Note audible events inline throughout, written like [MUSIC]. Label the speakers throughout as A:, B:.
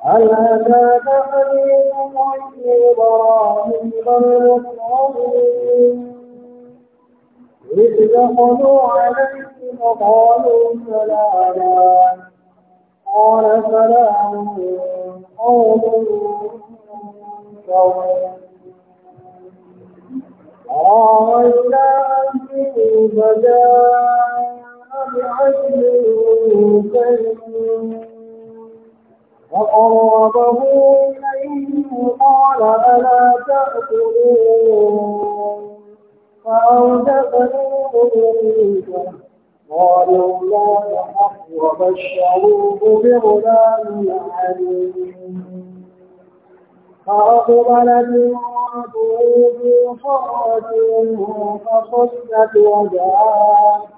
A: هل أتاك حديث ضيف إبراهيم المكرمين إذ دخلوا عليه فقالوا سلاما قال سلام قوم منكرون أرى إلى أهله فجاء بعدل كريم وقربه إليه قال ألا تأكلون فأوجب منه قالوا لا تخف وبشروه بغلام عليم فأقبلت امرأته في صرة فصلت وجهها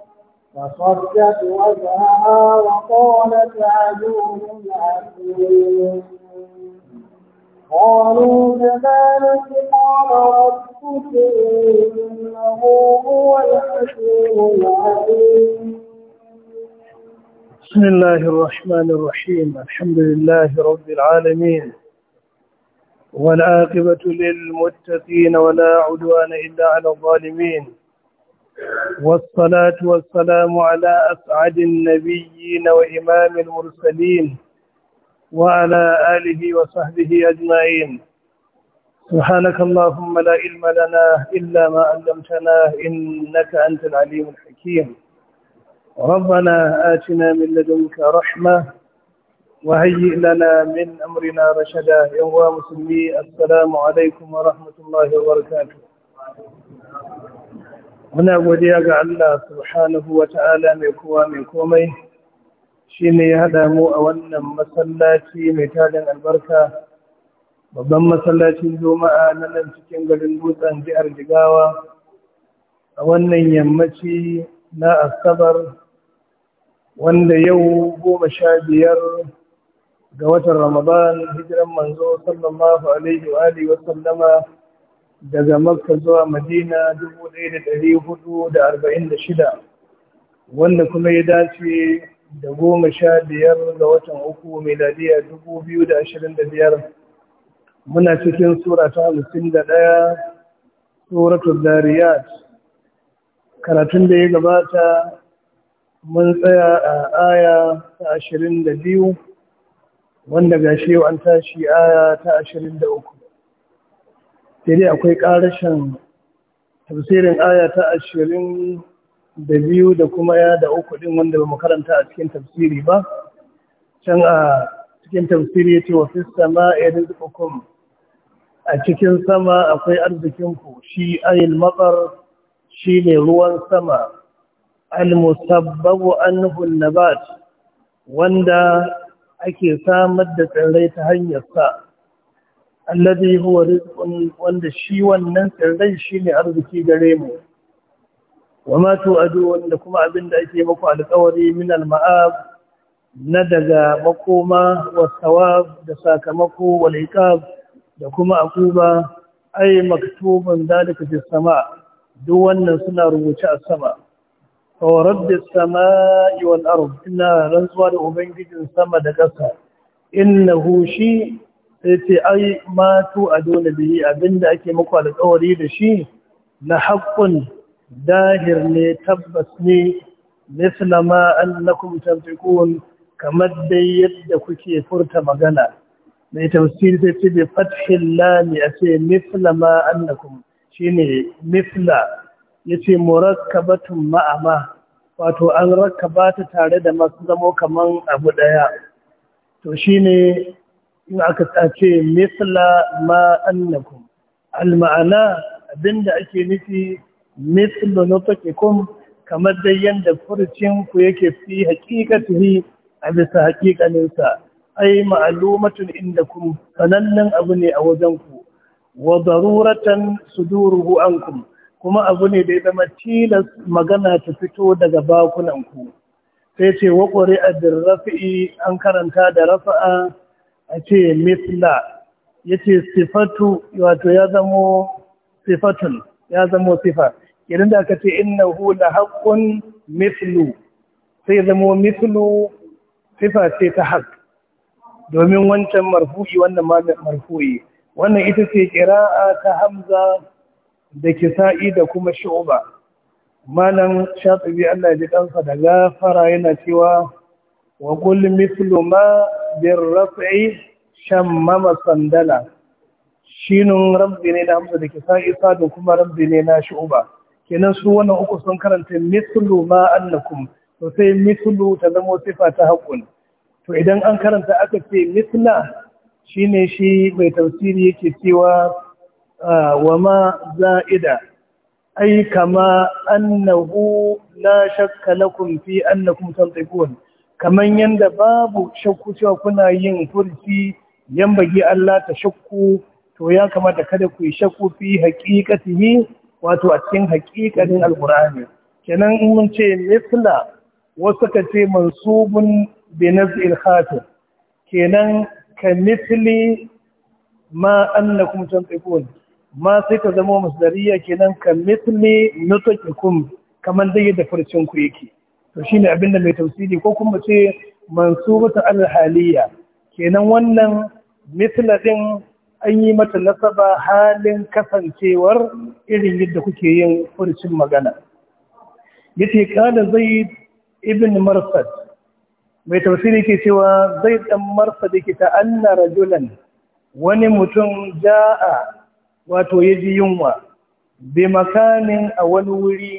A: فصدت وجهها وقالت عجوز عجوز قالوا كذلك قال ربك انه هو الحكيم العليم
B: بسم الله الرحمن الرحيم الحمد لله رب العالمين والعاقبة للمتقين ولا عدوان إلا على الظالمين والصلاة والسلام على أسعد النبيين وإمام المرسلين وعلى آله وصحبه أجمعين سبحانك اللهم لا علم لنا إلا ما علمتنا إنك أنت العليم الحكيم ربنا آتنا من لدنك رحمة وهيئ لنا من أمرنا رشدا يا مسلمي السلام عليكم ورحمة الله وبركاته muna godiya ga Allah subhanahu wa ta'ala mai kowa mai komai shi ne ya haɗa mu a wannan masallaci mai tarin albarka babban masallacin juma'a na nan cikin garin dutsen jihar jigawa a wannan yammaci na asabar wanda yau goma sha biyar ga watan ramadan hijiran manzo sallallahu alaihi wa sallama daga makka zuwa madina 1446 wanda kuma ya dace da goma sha biyar ga watan uku miladiya 2025 muna cikin sura ta hamsin da ɗaya suratul dariyat karatun da ya gabata mun tsaya a aya ta ashirin da biyu wanda gashi an tashi aya ta ashirin da uku sai dai akwai ƙarashin tafsirin aya ta ashirin da biyu da kuma ya da uku ɗin wanda ba mu karanta a cikin tafsiri ba can a cikin tafsiri ya ce wa fi sama a cikin sama akwai arzikinku shi ayil matsar shi ne ruwan sama almusabbabu an nabat wanda ake samar da tsirrai ta hanyar sa alladhi huwa rizqun wanda shi wannan sirrai shine arziki gare mu wama tu'adu wanda kuma abinda ake muku alƙawari min al-ma'ab na daga makoma wa thawab da sakamako wal iqab da kuma akuba ay maktubun zalika fi sama duk wannan suna rubuce a sama wa rabb as-sama'i wal ard inna rantsuwa da ubangijin sama da ƙasa innahu shi sai ce ai matu a dole bihi abinda ake muku alƙawari da shi na haƙƙun dahir ne tabbas ne misla ma annakum tanfiqun kamar dai yadda kuke furta magana mai tafsir sai ce bi fathil lam ya ce misla ma annakum shine misla yace murakkabatun ma'ama wato an rakkabata ta tare da masu zamo kaman abu ɗaya. to shine in aka ce misla ma annakum al-ma'ana abinda ake nufi mislu nutqikum kamar dai yanda furucin ku yake fi haqiqatihi a bisa haqiqanin sa ai ma'lumatun indakum sanannan abu ne a wajen ku wa daruratan suduruhu ankum kuma abu ne da ya zama tilas magana ta fito daga bakunan ku sai ce wa qari'a dirrafi an karanta da rafa'a a ce misla ya ce sifatu wato ya zamo sifatun ya zamo sifa idan da aka ce innahu la haqqun mislu, sai zamo mislu sifa ce ta haqq domin wancan marfu'i wannan ma marfu'i wannan ita ce ƙira'a ta hamza da kisa'i da kuma shu'ba malam shatibi Allah ya ji ɗansa da gafara yana cewa وقل مثل ما بالرفع شمم صندلا شين ربي ne na hamsa da ke sa isa da kuma rabbi ne na shu'uba kenan su wannan uku sun karanta mislu ma annakum mislu ta zama sifa ta haƙun to idan an karanta aka ce misla shine shi mai tafsiri yake cewa wa ma za'ida ai kama annahu la shakka lakum fi annakum tantiqun kamar yadda babu shakku cewa kuna yin furci yan bagi Allah ta shakku to ya kamata kada ku yi shakku fi haƙiƙatihi wato a cikin haƙiƙanin alƙur'ani kenan in mun ce misla wasu ka ce mansubun bi nazil kenan ka misli ma annakum tantiqun ma sai ka zama dariya. kenan ka misli nutqikum kamar dai da furcin ku yake to shine abin da mai tausidi ko kuma ce mansuratu al alhaliya. kenan wannan mitla din an yi mata nasaba halin kasancewar irin yadda kuke yin furcin magana yace "Kada zai ibn marsad mai tafsiri ke cewa zai dan marsad yake ta anna rajulan wani mutum ja'a wato yaji yunwa bi makanin a wani wuri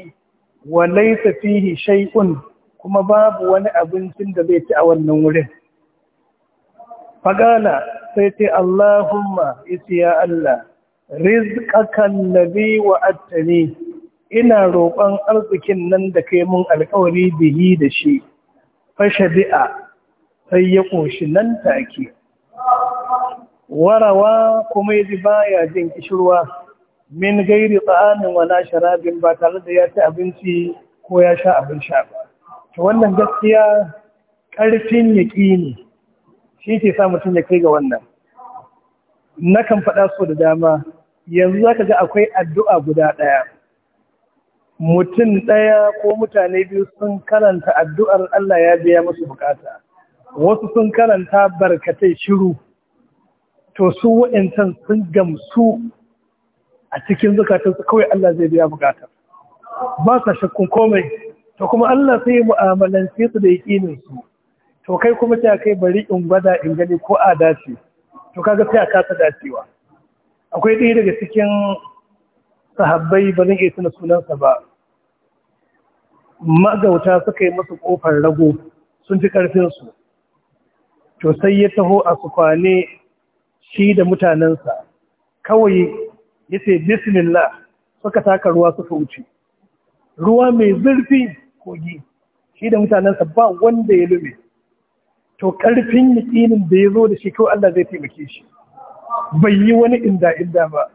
B: wa laysa fihi shay'un kuma babu wani abincin da zai ci a wannan wurin fagala sai ce Allahumma isi ya Allah rizkakan nabi wa attani ina roƙon arzikin nan da kai mun alƙawari bihi da shi fashe bi'a sai ya ƙoshi nan take warawa kuma yaji baya jin kishirwa min gairi tsa'anin wa na sharabin ba tare da ya ci abinci ko ya sha abin sha ba to wannan gaskiya ƙarfin ne. shi ke sa mutum ya kai ga wannan na kan faɗa so da dama yanzu za ka ga akwai addu'a guda ɗaya mutum ɗaya ko mutane biyu sun karanta addu'ar Allah ya biya musu bukata wasu sun karanta barkatai shiru to su wa'incan sun gamsu a cikin zukatansu kawai Allah zai biya bukata ba sa shakkun komai to kuma Allah sai yi mu'amalance su da yakinin su to kai kuma ta kai bari in gwada in gani ko a dace to kaga sai a kasa dacewa akwai ɗaya daga cikin sahabbai ba zan iya tuna sunansa ba magauta suka yi masa kofar rago sun fi ƙarfinsu to sai ya taho a su kwane shi da mutanensa kawai yace bismillah suka taka ruwa suka wuce ruwa mai zurfi kogi shi da mutanensa ba wanda ya lume to karfin yakinin da ya zo da shi kawai Allah zai taimake shi bai yi wani inda inda ba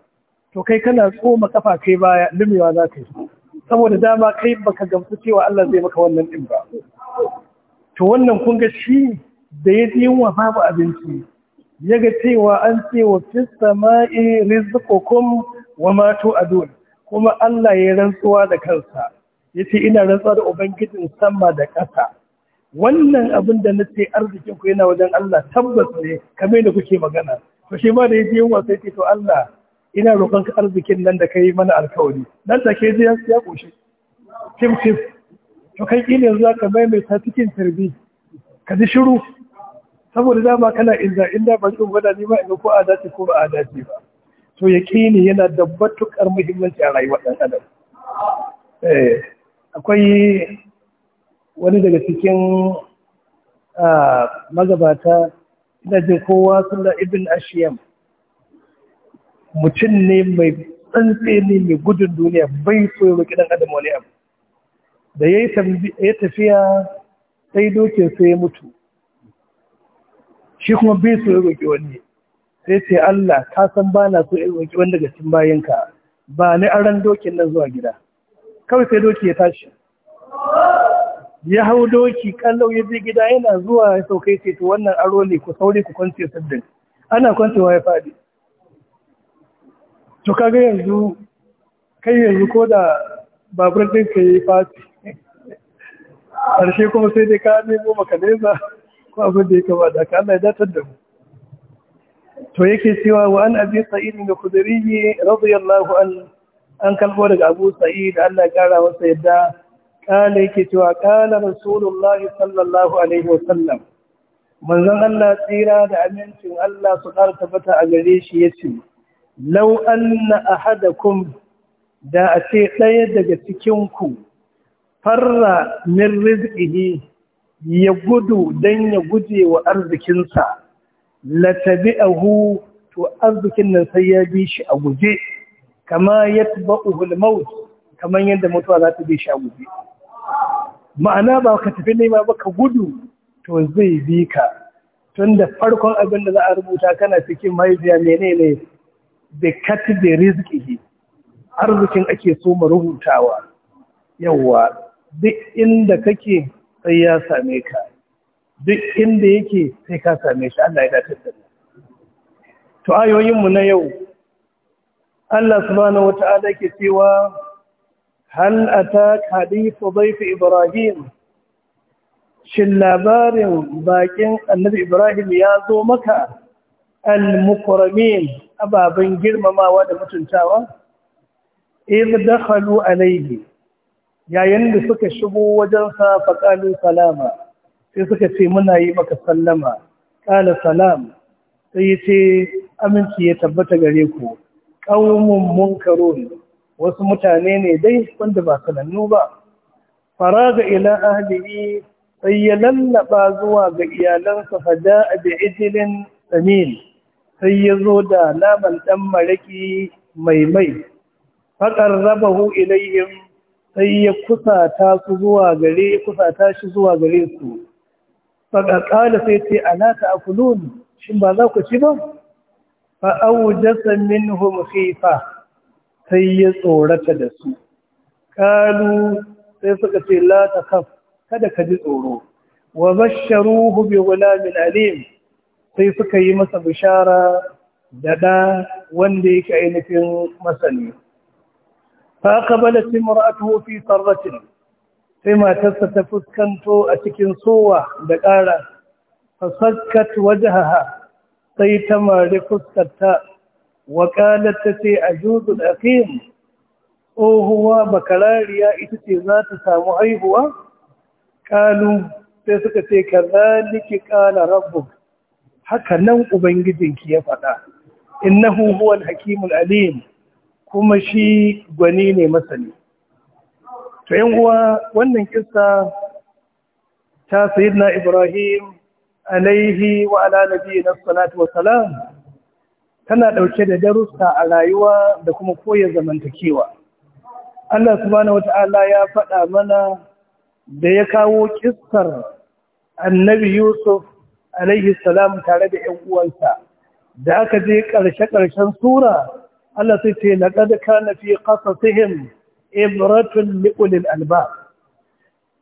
B: to kai kana tsoma kafa kai baya lumewa za ka yi saboda dama kai baka gamsu cewa Allah zai maka wannan din ba to wannan kun ga shi da ya ji yunwa babu abinci ya ga cewa an ce wa fista ma’i rizikokun wa a tu'adun kuma Allah ya rantsuwa da kansa Ya ce ina rantsuwa da ubangijin sama da ƙasa wannan abin da na ce arzikinku yana wajen Allah tabbas ne kamar da kuke magana to shi ma da ya yunwa sai ce to Allah ina roƙon ka arzikin nan da kai mana alkawari nan take su ya ƙoshi. tim tim to kai ne yanzu ka mai mai ta cikin tarbi ka ji shiru saboda dama kana inda inda ba zan gwada ni ba in ko a dace ko ba a dace ba to yaqini yana da batukar muhimmanci a rayuwar dan adam eh, akwai wani daga cikin magabata ina jin kowa da ibn ashiyam mutum ne mai tsantseni mai gudun duniya bai so ya roki adam wani abu da ya yi tafiya sai dokin sai ya mutu shi kuma bai so ya roƙi wani sai ce Allah ka san ba na so ya roƙi wani daga cikin bayanka ba ni ran dokin nan zuwa gida kawai sai doki ya tashi ya hau doki kallon ya je gida yana zuwa ya saukai ce to wannan aro ne ku saure ku kwance saddin ana kwancewa ya faɗi to kaga yanzu kai yanzu ko da babur ɗinka ka yi fati [LAUGHS] ƙarshe kuma sai dai ka nemo maka nesa ko abin da ya kama da haka Allah ya datar da mu to yake cewa wa an abi sa'id bin khudri radiyallahu an an kalbo daga abu sa'id Allah ya kara masa yadda kala yake cewa kala rasulullah sallallahu alaihi wa sallam manzon Allah tsira da amincin Allah su kara tabbata a gare shi yace law anna ahadakum da a ce ɗaya daga cikin ku farra min rizqihi ya gudu don ya guje wa arzikinsa hu, to arzikin nan sai ya bi shi a guje kama yatba'uhul maut kaman yadda mutuwa za ta bi shi a guje ma'ana ba ka tafi nema ba ka gudu to zai bi ka tun da farkon abin da za a rubuta kana cikin mahaifiya menene da riziki rizki arzikin ake so mu rubutawa yawwa duk inda kake sai ya same ka duk inda yake sai ka same shi Allah ya dace da to ayoyin mu na yau Allah subhanahu wata'ala ke cewa hal ataka hadithu dayf ibrahim shin labarin bakin annabi ibrahim ya zo maka al mukarramin ababen girmamawa da mutuntawa idh dakhalu alayhi yayin da suka shigo wajensa faƙalu salama sai suka ce muna yi maka sallama ƙala salam sai ya ce aminci ya tabbata gare ku ƙaumun munkarun wasu mutane ne dai wanda ba sanannu ba Fara ga ila ahlihi sai ya lallaba zuwa ga iyalansa fada a bi'ijilin tsamin, sai ya zo da naman ɗan maraƙi mai mai faƙar rabahu ilayhim sai ya kusata su zuwa gare kusata shi zuwa gare su faga kala sai ce ana ta akulun shin ba za ku ci ba fa awjasa minhum khifa sai ya tsorata da su kalu sai suka ce la kaf kada ka ji tsoro wa basharuhu bi ghulamin alim sai suka yi masa bishara da ɗa wanda yake ainihin masani فأقبلت امرأته في صرة فيما تستفز كنتو أتكن سوى دقالة فصكت وجهها سيتما لفسكتها وقالت تتي أجوز الأقيم أوهوا بكلاريا إتتي ذات سامعيبوا قالوا تسكتي كذلك قال ربك حكا نوء بنجدك يفعل إنه هو الحكيم العليم kuma shi gwani ne masani to yan uwa wannan kista ta sayyidina Ibrahim alaihi wa alalabi na salatu wa salam tana ɗauke da darussa a rayuwa da kuma koya zamantakewa Allah subhanahu wata'ala ya faɗa mana da ya kawo kistar annabi Yusuf alaihi salam tare da 'yan uwansa da aka je ƙarshe-ƙarshen sura Allah sai ce laqad kana fi qasasihim ibratun li ulil albab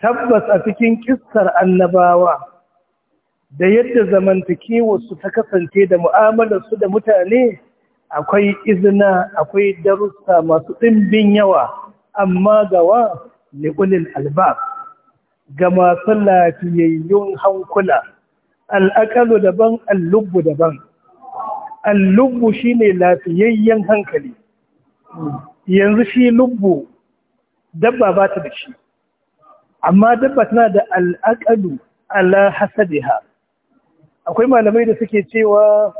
B: tabbas a cikin kissar annabawa da yadda zamantakewarsu ta kasance da su da mutane akwai izina akwai darussa masu ɗimbin yawa amma gawa liƙulil albab ga masu lafiyayyun hankula al'akalu daban allubu daban al-lubbu shine lafiyayyen hankali yanzu shi lubbu dabba ba ta da shi amma dabba tana da al'aƙalu, ala hasadiha akwai malamai da suke cewa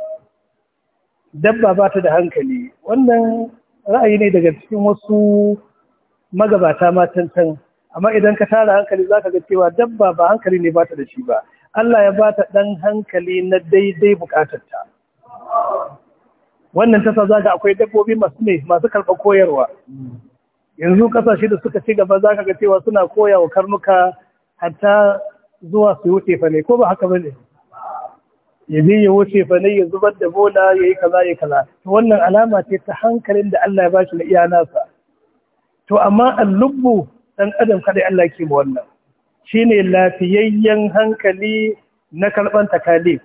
B: dabba ba ta da hankali wannan ra'ayi ne daga cikin wasu magabata matantan amma idan ka tara hankali za ka ga cewa dabba ba hankali ne ba ta da shi ba Allah ya ba ta ɗan hankali na daidai bukatarta wannan tasa za ka akwai dabbobi masu ne masu karɓar koyarwa yanzu kasashe da suka ci gaba za ka ga cewa suna koya wa karnuka hatta zuwa su wuce fa ko ba haka ba ne ya je ya wuce fa ne ya zubar da bola ya yi kaza ya kaza to wannan alama ce ta hankalin da Allah ya ba shi na iya nasa to amma lubbu dan adam kadai Allah ke mu wannan shine lafiyayyen hankali na karban takalif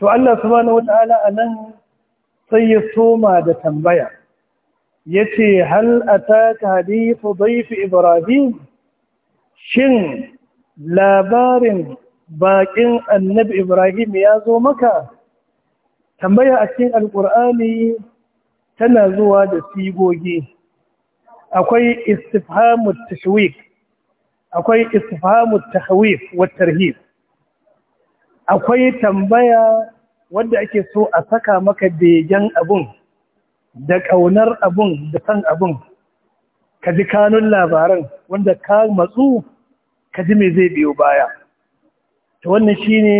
B: to Allah subhanahu wataala anan sai ya soma da tambaya ya ce hal a taka hadifu daifi ibrahim shin labarin bakin annabi ibrahim ya zo maka tambaya a cikin alkur'ani tana zuwa da sigogi akwai istifhamu tashwik akwai istifhamut tahwif wa tarhib akwai tambaya wadda ake so a saka maka begen abun da ƙaunar abun da san abun ka ji kanun labaran wanda ka matsu ka ji mai zai biyo baya ta wannan shi ne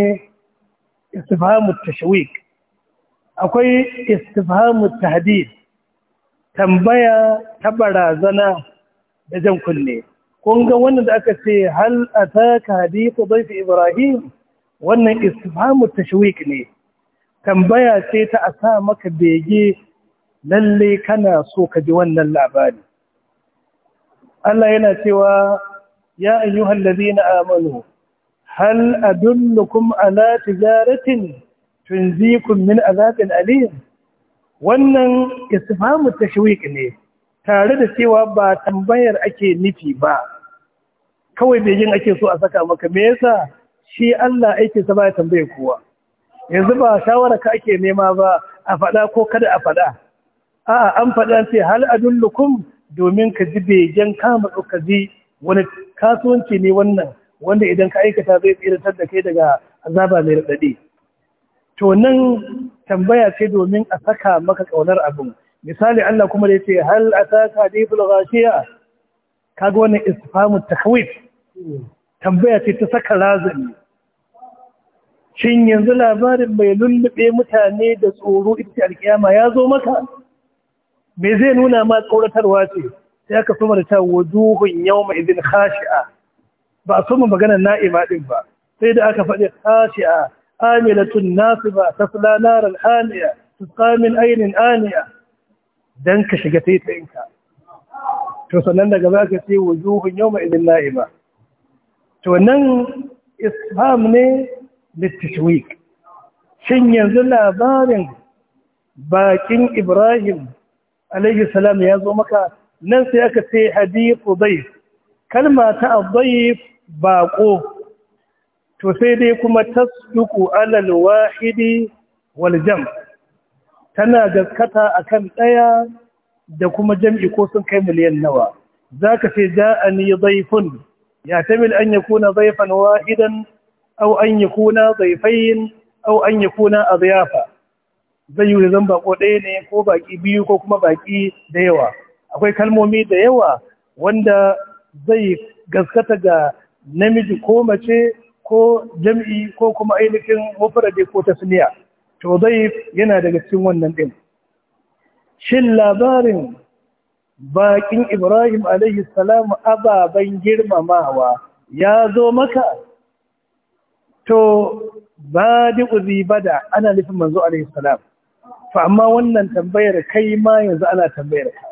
B: istifhamu tashwik akwai istifhamu tahdid tambaya ta barazana da jan kunne kun ga wannan da aka ce hal ataka hadithu dhayf ibrahim wannan istifhamu tashwik ne tambaya ce ta a sa maka bege lalle kana so ka ji wannan labari Allah yana cewa ya ayyuhal na amanu hal adullukum ala tijaratin tunzikum min azabin alim wannan isfamu tashwiq ne tare da cewa ba tambayar ake nufi ba kawai begin ake so a saka maka me yasa shi Allah sa ba ya tambaye kowa yanzu ba shawara ka ake nema ba a faɗa ko kada a faɗa a'a an faɗa ce hal adullukum domin ka ji begen kama ka ji wani kasuwanci ne wannan wanda idan ka aikata zai tsiratar da kai daga azaba mai raɗaɗe to nan tambaya ce domin a saka maka ƙaunar abin misali Allah kuma da yace hal ataka hadithul ghashiya kaga wannan isfamu takwif tambaya ce ta saka razami shin yanzu labarin mai lullube mutane da tsoro ita alkiyama ya zo maka me zai nuna ma tsoratarwa ce sai aka soma da ta wujuhun yawma idin khashi'a ba a suma magana na'ima din ba sai da aka faɗi khashi'a amilatun nasiba ta naral haniya tusqa min ainihin aniya dan ka shiga taitayinka to sannan daga ba ka ce wujuhun yawma idin na'ima to nan isham ne littishwik shin yanzu labarin baƙin ibrahim alaihi ya zo maka nan sai aka ce hadithu dayf kalma ta dayf bako to sai dai kuma tasduku alal wahidi wal tana gaskata akan ɗaya da kuma jam'i ko sun kai miliyan nawa zaka ce ja'ani dayfun ya tamil an yakuna dayfan idan. au an yakuna dhaifain au an yakuna adyafa zai yi zan bako ɗaya ne ko baki biyu ko kuma baki da yawa akwai kalmomi da yawa wanda zai gaskata ga namiji ko mace ko jam'i ko kuma ainihin mafarade ko tasniya to zai yana daga cikin wannan ɗin shin labarin bakin ibrahim alaihi salam ababen girmamawa ya zo maka to ba uzi ba da ana nufin manzo alaihi salam fa amma wannan tambayar kai ma yanzu ana tambayar ka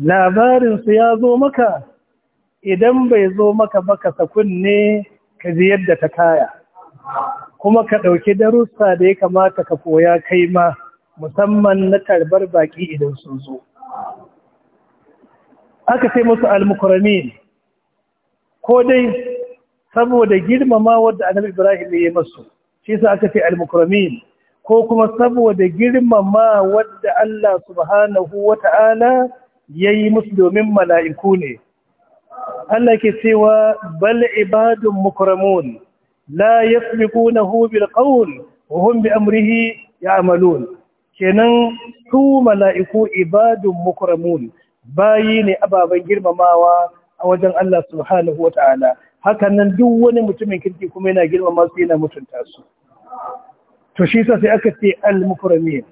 B: Labarinsu ya zo maka idan bai zo maka ba ka sakunne ka ji yadda ta kaya kuma ka ɗauki darussa da ya kamata ka koya kai ma musamman na karbar baƙi idan sun zo aka sai musu almukurami ko dai saboda girmama wadda annabi ibrahim ya yi masu shi yasa aka ce al-mukramin ko kuma saboda girmama wadda Allah subhanahu wata'ala ya yi musu domin mala'iku ne Allah ke cewa bal ibadun mukramun la yasbiqunahu bil qawl wa hum bi amrihi ya'malun kenan su mala'iku ibadun mukramun bayi ne ababen girmamawa a wajen Allah subhanahu Ta'ala. hakan nan duk wani mutumin kirki kuma yana girmama su yana mutunta su to shi sa sai aka ce al-mukramin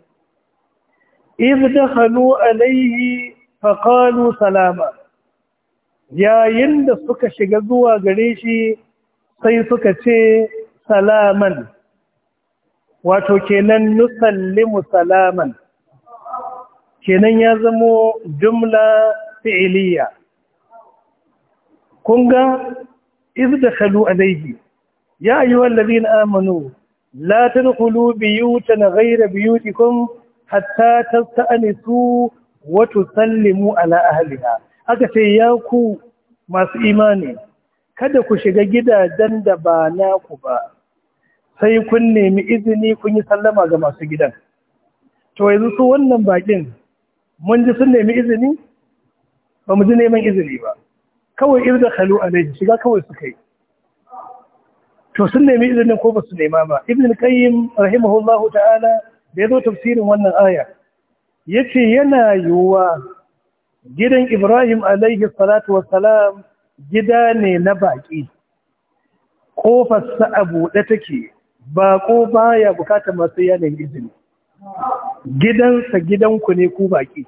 B: idh dakhalu alaihi fa qalu salama yayin da suka shiga zuwa gare shi sai suka ce salaman wato kenan nusallimu salaman kenan ya zamo jumla fi'iliya kun ga إذ دخلوا عليه يا أيها الذين آمنوا لا تدخلوا بيوتا غير بيوتكم حتى تستأنسوا وتسلموا على أهلها aka ce ya ku masu imani kada ku shiga gidajen da ba naku ba sai kun nemi izini kun yi sallama ga masu gidan to yanzu su wannan bakin mun ji sun nemi izini ba mu ji neman izini ba kawai irda khalu alaihi shiga kawai suka yi to sun nemi izinin ko ba su nema ba ibn qayyim rahimahullahu ta'ala da yazo tafsirin wannan aya yace yana yuwa gidan ibrahim alaihi salatu wassalam gida ne na baƙi. kofar sa a buɗe take baƙo baya bukatar masu yanayin izini gidansa gidanku ne ku baƙi?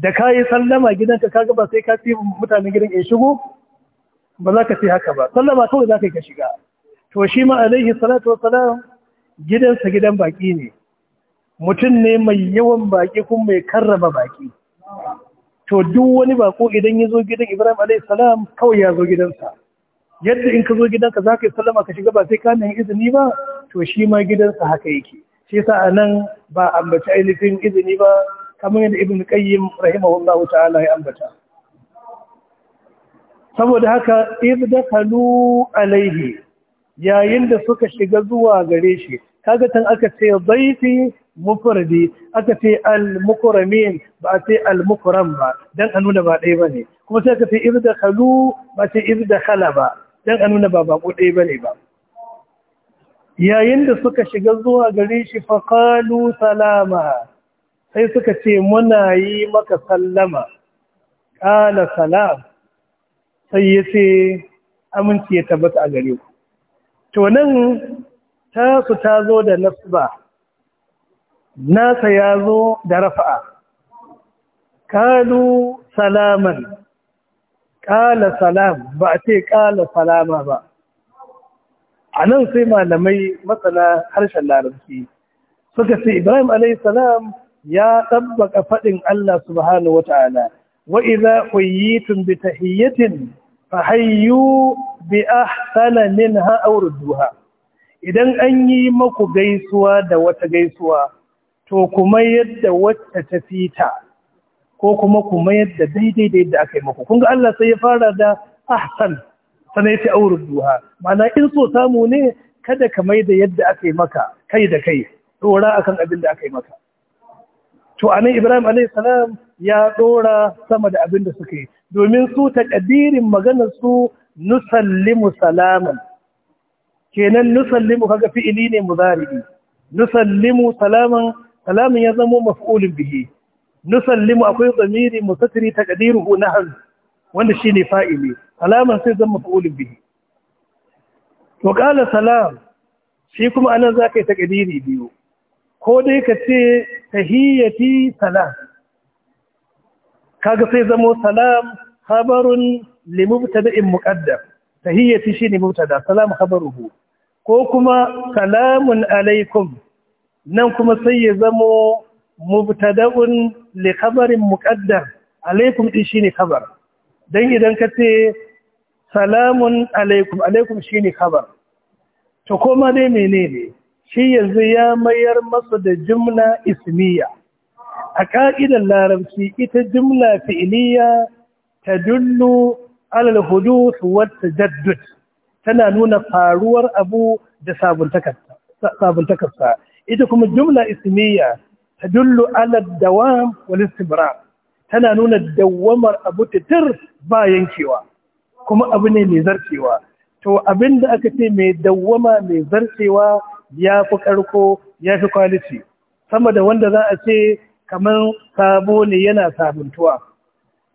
B: da ka yi sallama gidanka ka gaba sai ka fi mutanen gidan ya shigo ba za ka fi haka ba sallama kawai za ka yi ka shiga to shi ma alaihi salatu wa salam gidansa gidan baki ne mutum ne mai yawan baki kuma mai karraba baki to duk wani bako idan ya zo gidan ibrahim alaihi salam kawai ya zo gidansa yadda in ka zo gidanka za ka yi sallama ka shiga ba sai ka nemi izini ba to shi ma gidansa haka yake shi yasa a nan ba ambaci ainihin izini ba kamar yadda ibn qayyim rahimahullahu ta'ala ya ambata saboda haka Kalu alaihi yayin da suka shiga zuwa gare shi kaga tan aka ce zaiti mufradi aka ce al-mukramin ba a ce al-mukram ba dan a nuna ba ɗaya bane kuma sai aka ce kalu ba ibda khala ba dan a nuna ba ko ɗaya bane ba yayin da suka shiga zuwa gare shi faqalu salama sai suka ce muna yi maka sallama ƙala salam sai ya ce aminci ya tabbata a gare ku to nan tasu ta zo da nasba nasa ya zo da rafa'a kalu salaman ƙala salam ba a ce ƙala salama ba a nan sai malamai masana harshen larabci suka ce ibrahim alaihissalam ya tabbaka faɗin Allah subhanahu wata'ala wa idza quyitum bi tahiyyatin fahayyu bi ahsana minha aw rudduha idan an yi maku gaisuwa da wata gaisuwa to kuma yadda wacce ta fita ko kuma kuma yadda daidai da yadda aka yi maku kun ga Allah sai ya fara da ahsan sanai ta aw rudduha Mana in so samu ne kada ka mai da yadda aka yi maka kai da kai dora akan abin da aka yi maka to anan ibrahim alaihissalam ya dora sama da abin da suka yi domin su takadirin maganar su nusallimu salaman kenan nusallimu kaga fi'ili ne muzari'i nusallimu salaman salamin ya zama maf'ulun bihi nusallimu akwai zamiri mustatiri na hal wanda shine fa'ili salaman sai zama maf'ulun bihi to qala salam shi kuma anan zakai ta kadiri biyu ko dai ka ce tahiyyati salam kaga sai zamo salam khabarun li mubtada'in muqaddam tahiyyati shine mubtada salam khabaruhu ko kuma salamun alaikum nan kuma sai ya zamo mubtada'un li khabarin muqaddam alaikum din shine khabar dan idan ka ce salamun alaikum alaikum shine khabar to koma dai menene shi yanzu ya mayar masa da jumla ismiya a ƙa'idar larabci ita jumla fi'iliya ta dullu alal wata jaddud tana nuna faruwar abu da sabuntakarsa ita kuma jumla ismiya ta dullu alal dawam tana nuna dawamar abu titir ba yankewa kuma abu ne mai zarcewa to abin da aka ce mai dawama mai zarcewa ya fi karko ya fi kwaliti sama da wanda za a ce kamar sabo ne yana sabuntuwa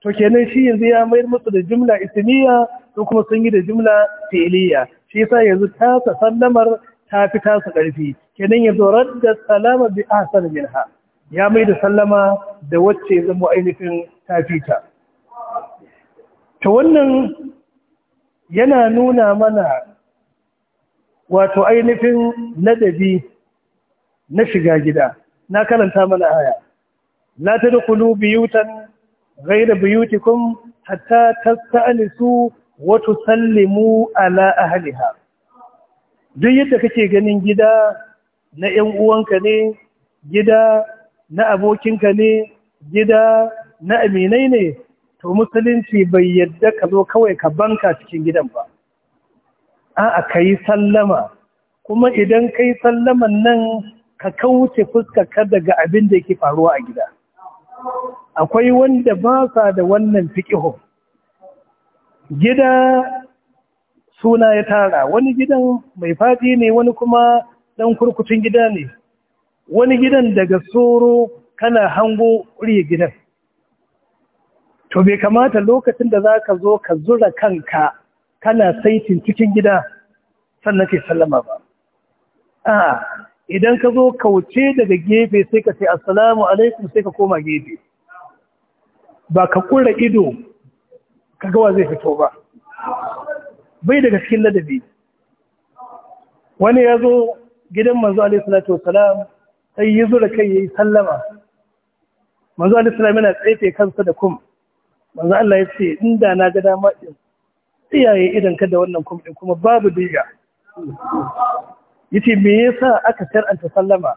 B: to kenan shi yanzu ya mayar musu da jumla ismiya ko kuma sun yi da jumla fiiliyya shi yasa yanzu ta sa sallamar ta fi tasu ƙarfi kenan ya radda da salama bi ahsan minha ya mai da sallama da wacce zama ainihin tafita ta To wannan yana nuna mana wato ainihin ladabi na shiga gida na karanta mana aya la tadkhulu buyutan ghayra biyutikum hatta tasta'nisu wa tusallimu ala ahliha duk yadda kake ganin gida na 'yan uwanka ne gida na abokinka ne gida na aminai ne to musulunci bai yadda ka zo kawai ka banka cikin gidan ba a'a ka yi sallama kuma idan ka yi sallaman nan ka kauce fuskarka daga abin da yake faruwa a gida akwai wanda ba sa da wannan fiƙihun gida suna ya tara wani gidan mai faɗi ne wani kuma ɗan kurkucin gida ne wani gidan daga tsoro kana hango riya gidan to bai kamata lokacin da za ka zo ka zura kanka kana saitin cikin gida sannan ke sallama ba a idan ka zo kauce daga gefe sai ka ce assalamu alaikum sai ka koma gefe ba ka kura ido ka gawa zai fito ba bai daga cikin ladabi wani ya zo gidan manzo alaihi salatu wasalam sai yi zura kai ya yi sallama manzo alaihi salam yana tsefe kansa da kum manzo Allah ya ce inda na ga dama iyaye idan ka da wannan kuma kuma babu diga yace me yasa aka tar'anta sallama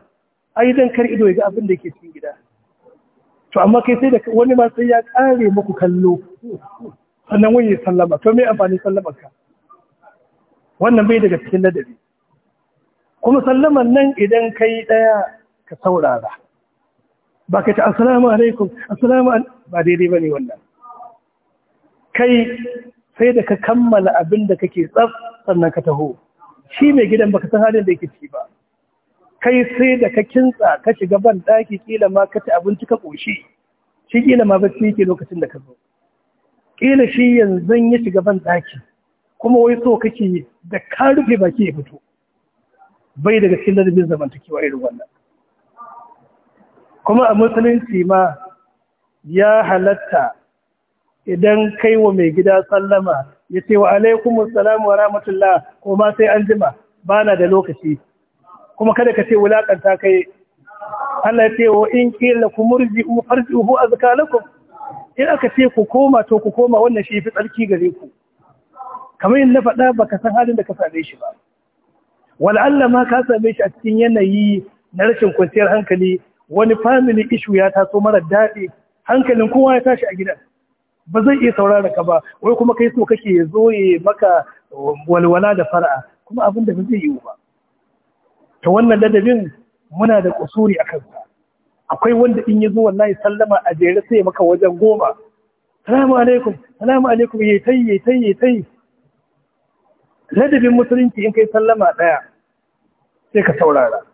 B: ai dan kar ido ya ga abin da yake cikin gida to amma kai sai da wani ma sai ya kare muku kallo sannan wani sallama to me amfani sallama ka wannan bai daga cikin ladabi kuma sallaman nan idan kai daya ka saurara ba ka ta assalamu alaikum assalamu ba daidai bane wannan kai sai da ka kammala abin da kake tsaf sannan ka taho shi mai gidan baka san halin da yake ciki ba kai sai da ka kintsa ka shiga ban daki kila ma ka ci abinci ka koshi shi kila ma bacci yake lokacin da ka zo kila shi yanzu ya shiga ban daki kuma wai so kake da ka rufe baki ya fito bai daga cikin ladabin zamantakewa irin wannan kuma a musulunci ma ya halatta idan kai wa mai gida sallama ya ce wa alaikumus salamu wa rahmatullah ko ma sai an jima ba na da lokaci kuma kada ka ce wulakanta kai Allah ya ce wa in kila ku murji u farji uhu a in aka ce ku koma to ku koma wannan shi fi tsarki gare ku kamar yin na faɗa baka san halin da ka same shi ba wal'alla ma ka same shi a cikin yanayi na rashin kwanciyar hankali wani family issue ya taso mara daɗi hankalin kowa ya tashi a gidan ba zai iya saurara ka ba wai kuma kai so kake ya zo ya maka walwala da fara'a kuma abin da ba zai yiwu ba ta wannan ladabin muna da kusuri a kansa akwai wanda in ya zo wallahi sallama a jere sai maka wajen goma salamu alaikum salamu alaikum yayi tai yayi tai yayi tai ladabin musulunci in kai sallama daya sai ka saurara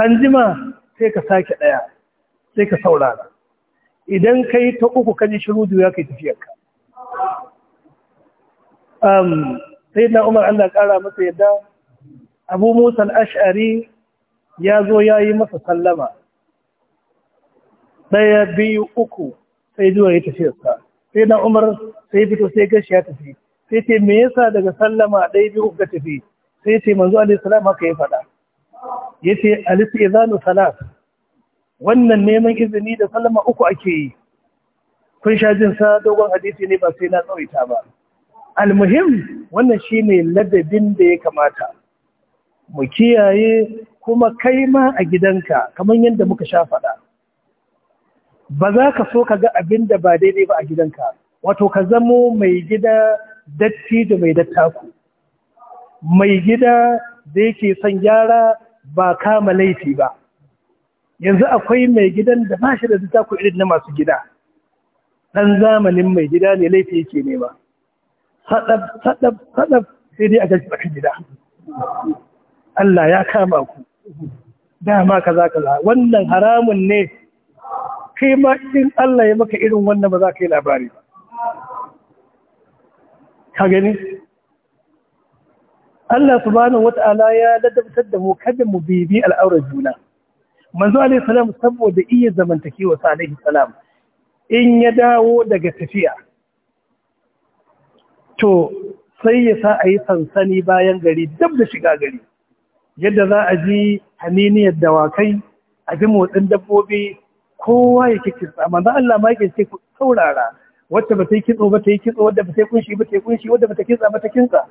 B: an jima sai ka sake daya sai ka saurara idan ka yi ta uku kan yi shiru juya kai tafiyarka um, sai na umar allah ƙara masa yadda abu musa al'ashari ya zo ya yi masa sallama ɗaya biyu uku sai zuwa ya tafiyarsa sai na umar sai fito sai gashi ya tafi sai ce me yasa daga sallama ɗaya biyu uku tafi sai ce manzo alaihi salam haka ya faɗa yace alisu izanu salat wannan neman izini da salama uku ake yi kun sha jin sa dogon hadisi ne ba sai na tsawaita ba almuhim wannan shi ne ladabin da ya kamata mu kiyaye kuma kai ma a gidanka kamar yadda muka sha faɗa ba za ka so ka ga abin da ba daidai ba a gidanka wato ka zamo mai gida datti da mai dattaku mai gida da yake son gyara ba kama laifi ba yanzu akwai mai gidan da ba shi da ku irin na masu gida ɗan zamanin mai gida ne laifi yake nema sadab sadab sadab sai dai a gaji tsakan gida Allah ya kama ku dama kaza kaza wannan haramun ne kai ma in Allah ya maka irin wannan ba za ka yi labari ba ka gani Allah subhanahu wata'ala ya ladabtar da mu kada mu bibi al'aurar juna manzo alayhi salam saboda iya zamantakewa sa alaihi salam in ya dawo daga tafiya to sai ya sa a yi sansani bayan gari dab da shiga gari yadda za a ji haniniyar dawakai a ji motsin dabbobi kowa ya kike tsaman za Allah ma yake ce ku saurara wacce ba ta yi kitso ba ta yi kitso wadda ba ta yi kunshi ba ta yi kunshi wadda ba ta kitsa ba ta kinsa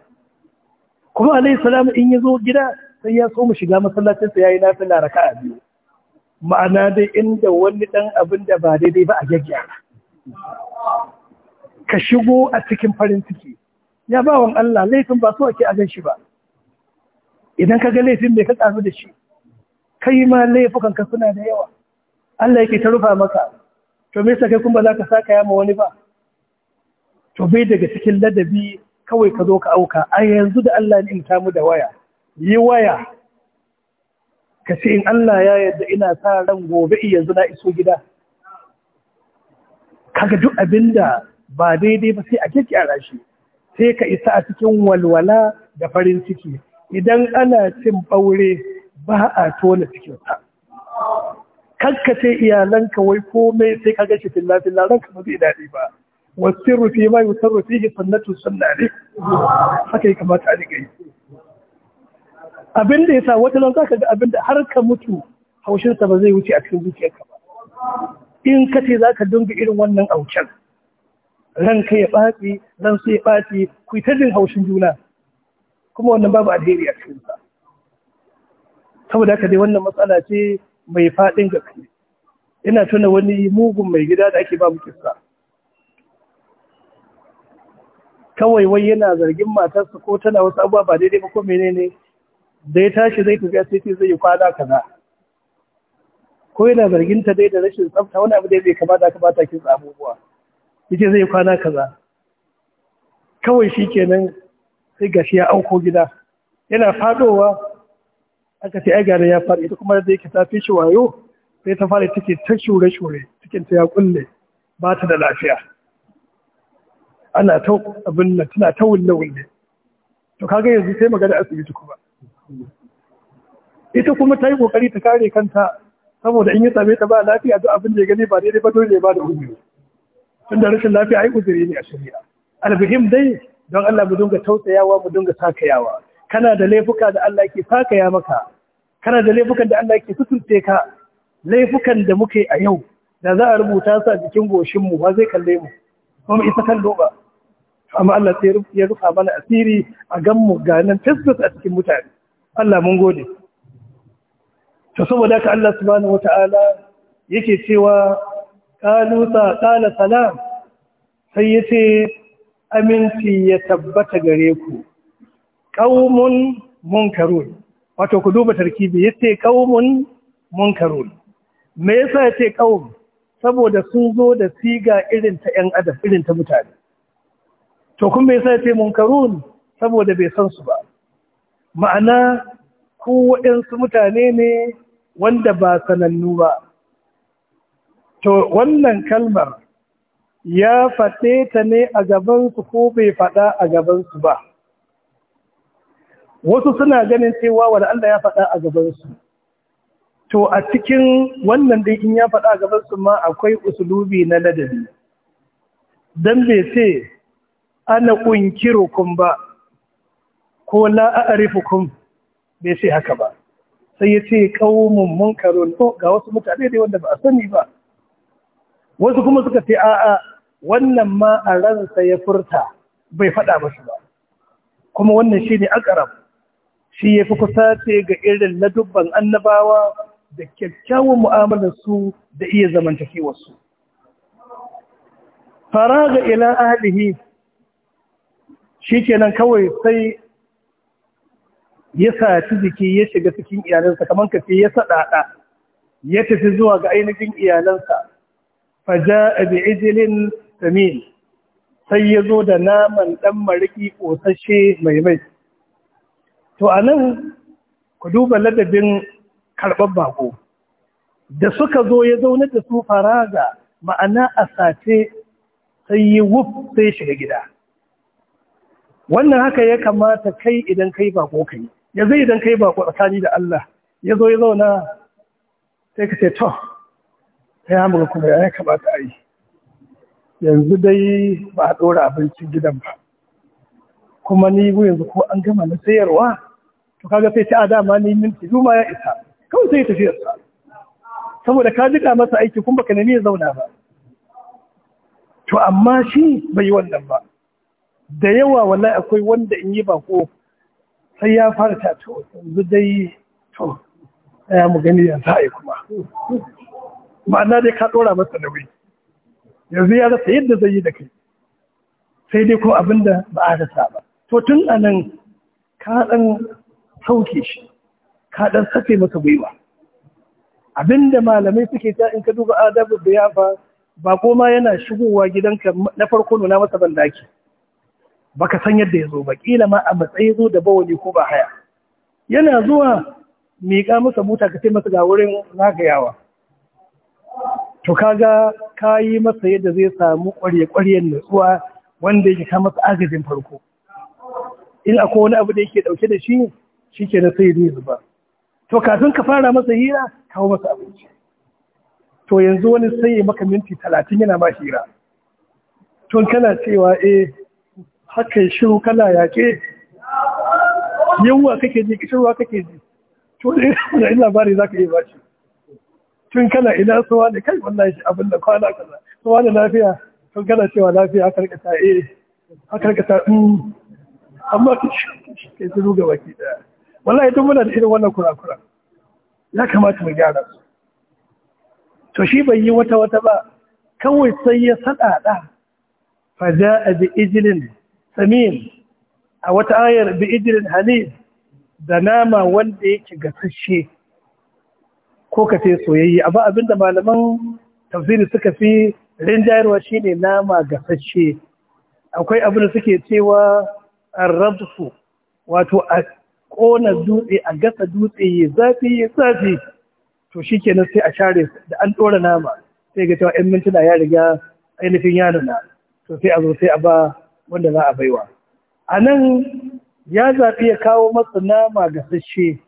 B: kuma alayhi salam in ya zo gida sai ya so mu shiga masallacinsa ya yi nafila raka'a biyu ma'ana dai inda wani ɗan abin da ba daidai ba a gyaggyara ka shigo a cikin farin ciki ya ba wani Allah laifin ba so ake a gan shi ba idan ka ga laifin mai ka karu da shi kai ma laifukan ka suna da yawa Allah yake ta rufa maka to me yasa kai kuma za ka saka yama wani ba to bai daga cikin ladabi kawai ka zo ka auka a yanzu da Allah ne in mu da waya yi waya ka ce in Allah ya yadda ina sa ran gobe yanzu na iso gida kaga duk abinda ba daidai ba sai a a shi sai ka isa a cikin walwala da farin ciki idan ana cin ɓaure ba a tona cikinsa ce iyalanka wai komai sai kaga shi filafila ranka ba zai daɗi ba wasu rufi ma wasu rufi sunnatu sannatu sannare haka yi kamata a rigayi abin da ya sa wata nan zaka ga abin da har ka mutu haushinsa ba zai wuce a cikin ka ba in ka ce zaka dinga irin wannan aucen ka ya ɓaci ran sai ya ɓaci ku ta jin haushin juna kuma wannan babu alheri a cikin sa saboda haka dai wannan matsala ce mai faɗin kai ina tuna wani mugun mai gida da ake ba mu kissa kawai wai yana zargin matarsa ko tana wasu abubuwa ba daidai ba ko menene da ya tashi zai tafiya sai ce zai yi kwana kaza ko yana zargin ta dai da rashin tsafta wani abu dai bai kamata ka bata kin abubuwa yace zai yi kwana kaza kawai shi kenan sai gashi ya auko gida yana fadowa aka ce ai ya faɗi ita kuma zai yake ta fi shi wayo sai ta fara take ta shure shure cikin ta ya kulle ba ta da lafiya ana ta abin nan tana ta wulle wulle to kaga yanzu sai magana asibiti kuma ita kuma ta yi kokari ta kare kanta saboda in yi same ta ba lafiya duk abin da ya gani ba daidai ba dole ba da uzuri tun da rashin lafiya ai uzuri ne a shari'a albihim dai don Allah mu dinga tausayawa mu dinga sakayawa kana da laifuka da Allah ke sakaya maka kana da laifukan da Allah ke sutunce ka laifukan da muke a yau da za a rubuta su a jikin goshin mu ba zai kalle mu kuma isa kallo ba amma Allah sai ya rufa mana asiri a gan mu ga nan a cikin mutane Allah mun gode to saboda ka Allah subhanahu wata'ala yake cewa qalu qala salam sai yace aminci ya tabbata gare ku qaumun munkarun wato ku duba tarkibi yace qaumun munkarun me yasa yace qaum saboda sun zo da siga irin ta ƴan adam irin ta mutane to kun me yasa yace munkarun saboda bai san su ba ma'ana ku waɗansu mutane ne wanda ba sanannu ba to wannan kalmar ya faɗe ta ne a gabansu ko bai faɗa a gabansu ba wasu suna ganin cewa wanda Allah ya faɗa a gabansu to a cikin wannan dai in ya faɗa a gabansu ma akwai usulubi na ladabi don bai ce ana ƙunkirukum ba ko la'arifukum bai ce haka ba sai ya ce kaumun munkarun ga wasu mutane dai wanda ba a sani ba wasu kuma suka ce a'a wannan ma a ransa ya furta bai faɗa masu ba kuma wannan shi ne akarab shi ya fi kusa ce ga irin na dubban annabawa da kyakkyawan su da iya zamantakewarsu fara ga ila ahlihi shi kenan kawai sai ya saci jiki ya shiga cikin iyalansa kamar ka ce ya sadada ya tafi zuwa ga ainihin iyalansa faja'a bi ijlin Samin sai ya zo da naman ɗan mariki kosashe mai mai to anan ku duba ladabin karɓar bako da suka zo ya zaune da su faraga ma'ana a sace sai yi wuf sai shiga gida wannan haka ya kamata kai idan kai bako kai Ya zai idan kai ba tsakani da Allah ya zo ya zauna sai ka ce to yi kuma ya kamata a yi yanzu dai ba a ɗora abincin gidan ba kuma ni yanzu ko an gama na sayarwa to kaga sai ta dama ni minti biyu ya isa kawai sai tafiyarsa saboda ka jika masa aiki kuma baka nemi ya zauna ba to amma shi bai yi wannan ba da yawa wallahi akwai wanda in yi bako sai ya fara tato yanzu dai to ya mu gani za a kuma ma'ana dai ka ɗora masa nauyi yanzu ya rasa yadda zai yi da kai sai dai ko abin da ba a rasa ba to tun a nan ka ɗan sauke shi ka ɗan sake masa gwiwa Abinda malamai suke ta in ka duba adabu da ya ba ko ma yana shigowa gidanka na farko nuna masa bandaki baka san yadda ya zo ba kila ma a matsayi zo da bawali ko ba haya yana zuwa miƙa masa mota ka ce masa ga wurin zagayawa to kaga ka yi masa yadda zai samu ƙwarye-ƙwaryen nutsuwa wanda yake ka masa agajin farko in akwai wani abu da yake ɗauke da shi shi ke na sai zai zuba to kafin ka fara masa hira kawo masa abinci to yanzu wani sai maka minti talatin yana ba hira tun kana cewa eh haka shiru kana yaƙe yawwa kake ji kishirwa kake ji to da ina labari za ka yi ba shi tun kana ina suwa da kai wallahi shi abin da kwana kaza suwa da lafiya tun kana cewa lafiya aka rikata eh aka rikata mm amma ke shiru ga baki da wallahi duk muna da irin wannan kurakura ya kamata mu gyara su to shi bai yi wata wata ba kawai sai ya da fa za'a bi ijlin samin a wata ayar bi idirin da nama wanda yake gasashe ko ka ce soyayye abu abinda malaman tafsiri suka fi rinjayarwa shine nama gasashe akwai abin da suke cewa arrabsu wato a kona dutse a gasa dutse ya zafi ya zafi to shikenan sai a share da an dora nama sai ga cewa 'yan mintuna ya riga ainihin yaro na to sai a zo sai a ba wanda za a baiwa a nan ya zaɓi ya kawo masa nama gasasshe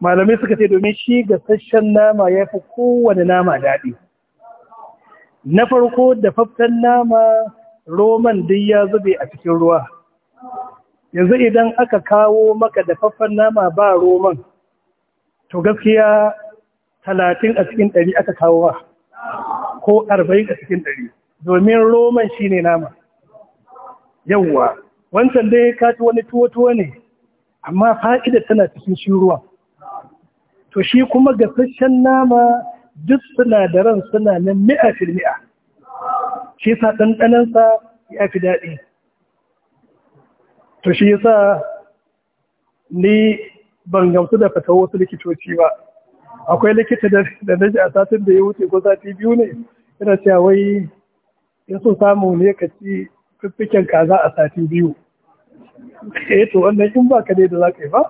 B: malamai suka ce domin shi gasasshen nama ya fi kowane nama daɗi na farko dafaffen nama roman duk ya zube a cikin ruwa yanzu idan aka kawo maka dafaffen nama ba roman to gaskiya talatin a cikin ɗari aka kawo ba ko arba'in a cikin ɗari domin roman shi ne nama yawwa wancan dai ka ci wani tuwo-tuwo ne amma fa'ida tana cikin shi ruwa to shi kuma gasasshen nama duk sinadaran suna nan mi'a fil mi'a shi sa ɗanɗanansa ya fi daɗi to shi sa ni ban gamsu da fata wasu likitoci ba akwai likita da na ji a satin da ya wuce ko sati biyu ne yana cewa wai in so samu ne ka ci fiffiken kaza a sati biyu eh to wannan in ba ka da za ka yi ba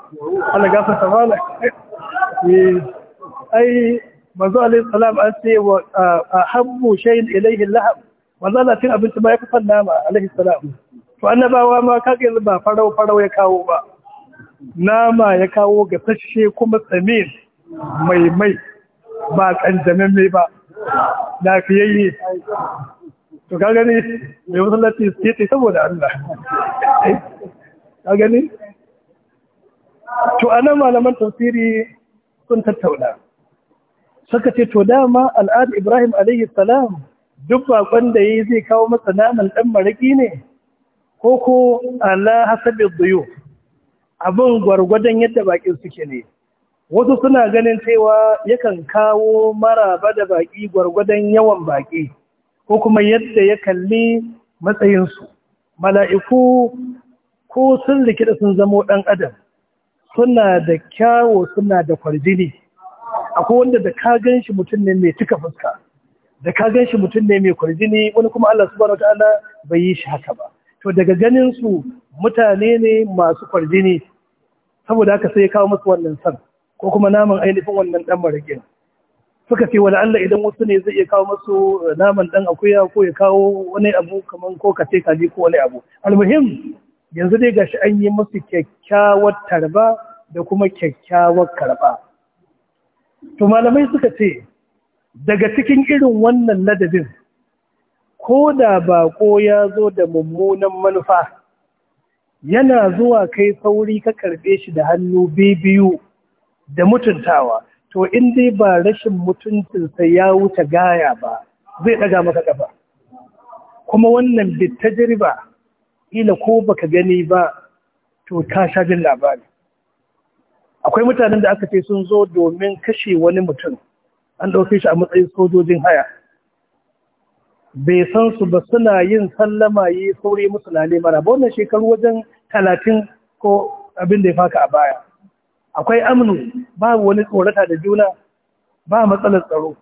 B: ana gafa ta mala eh, ai manzo alayhi salam an ce wa habbu shay'in ilayhi lahab wa Allah tin abinci ma ya fi ma nama salam to annabawa ma ka ga ba farau farau ya kawo ba nama ya kawo ga fashe kuma tsamin mai mai ba kanjamin mai ba lafiyayye to ka gani mai masallaci su ce saboda Allah ka gani to anan malaman tafsiri sun tattauna suka ce to dama al'adu Ibrahim alayhi salam duk bakon da yayi zai kawo masa naman ɗan maraki ne ko ko ala hasabi duyu abin gwargwadon yadda bakin suke ne wasu suna ganin cewa yakan kawo maraba da baki gwargwadon yawan baki ko kuma yadda ya kalli matsayinsu mala'iku ko sun likita sun zamo ɗan adam suna da kyawo suna da kwarjini akwai wanda da ka gan shi mutum ne mai cika fuska da ka gan shi mutum ne mai kwarjini wani kuma Allah subhanahu wataala bai yi shi haka ba to daga ganin su mutane ne masu kwarjini saboda haka sai ya kawo musu wannan san ko kuma naman ainihin wannan dan marigin suka ce Wani Allah idan wasu ne zai iya kawo masu naman dan akuya ko ya kawo wani abu kamar ko kace kaji ko wani abu almuhim yanzu dai gashi an yi musu kyakkyawar tarba da kuma kyakkyawar karba to malamai suka ce daga cikin irin wannan ladabin ko da bako ya zo da mummunan manufa yana zuwa kai sauri ka karbe shi da hannu biyu da mutuntawa to in dai ba rashin mutuncinsa ya wuce gaya ba zai ɗaga maka kafa. kuma wannan tajriba ila ko baka gani ba to ka sha jin labari akwai mutanen da aka ce sun zo domin kashe wani mutum an ɗauke shi a matsayin sojojin haya bai san su ba suna yin sallama yi saurayi musu na ba wannan shekaru wajen talatin ko abin da ya faka a baya akwai amnu babu wani tsorata da juna ba matsalar tsaro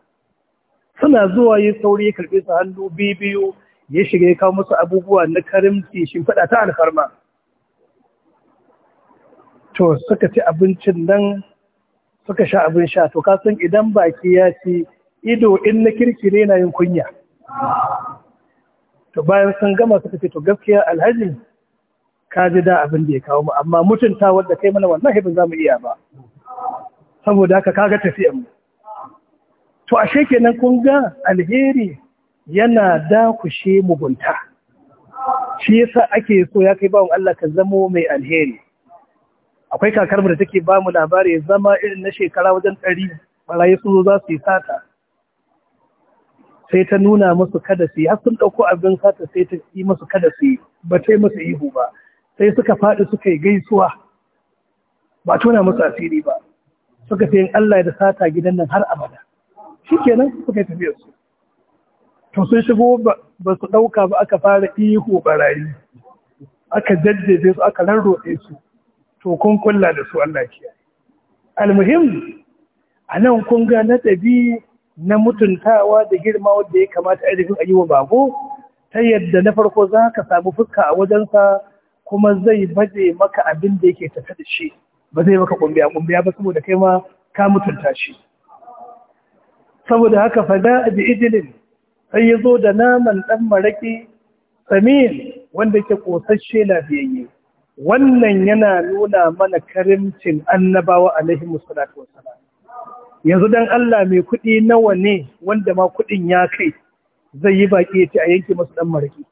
B: suna zuwa yi sauri ya karfe su hannu bibiyu ya shiga ya kawo musu abubuwa na karimci shimfiɗa ta alfarma to suka ci abincin nan suka sha abin sha to kasan idan baki ya ci ido in na kirkire na yin kunya to bayan sun gama suka ce to gaskiya alhaji ka ji da abin da ya kawo mu amma mutunta wanda kai mana wallahi ban za iya ba saboda haka kaga tafiyar mu to ashe kenan kun ga alheri yana da dakushe mugunta shi yasa ake so ya kai bawon Allah ka zamo mai alheri akwai kakarmu da take ba mu labari zama irin na shekara wajen ɗari barayi su zo za su yi sata sai ta nuna musu kada su yi har sun ɗauko abin sata sai ta yi musu kada su yi ba ta yi musu ihu ba sai suka faɗi suka yi gaisuwa ba tuna musu asiri ba suka fi yin Allah da sata gidan nan har abada shikenan suka yi tafiya su to sun shigo ba su ɗauka ba aka fara ihu barayi aka jajjeje su aka rarrotse su to kun kulla da su Allah ke almuhim a nan kun ga na ɗabi na mutuntawa da girma wadda ya kamata a yi wa bago ta yadda na farko za ka samu fuska a wajensa kuma zai baje maka abin da yake tafe da shi ba zai maka kumbiya kumbiya ba saboda kai ma ka mutunta shi saboda haka fada bi idilin sai ya zo da naman dan maraƙi, samin wanda yake kosasshe lafiyayye wannan yana nuna mana karimcin annabawa alaihi musallatu wassalam yanzu dan Allah mai kuɗi nawa ne wanda ma kuɗin ya kai zai yi baƙi ya ce a yanke masu ɗan maraki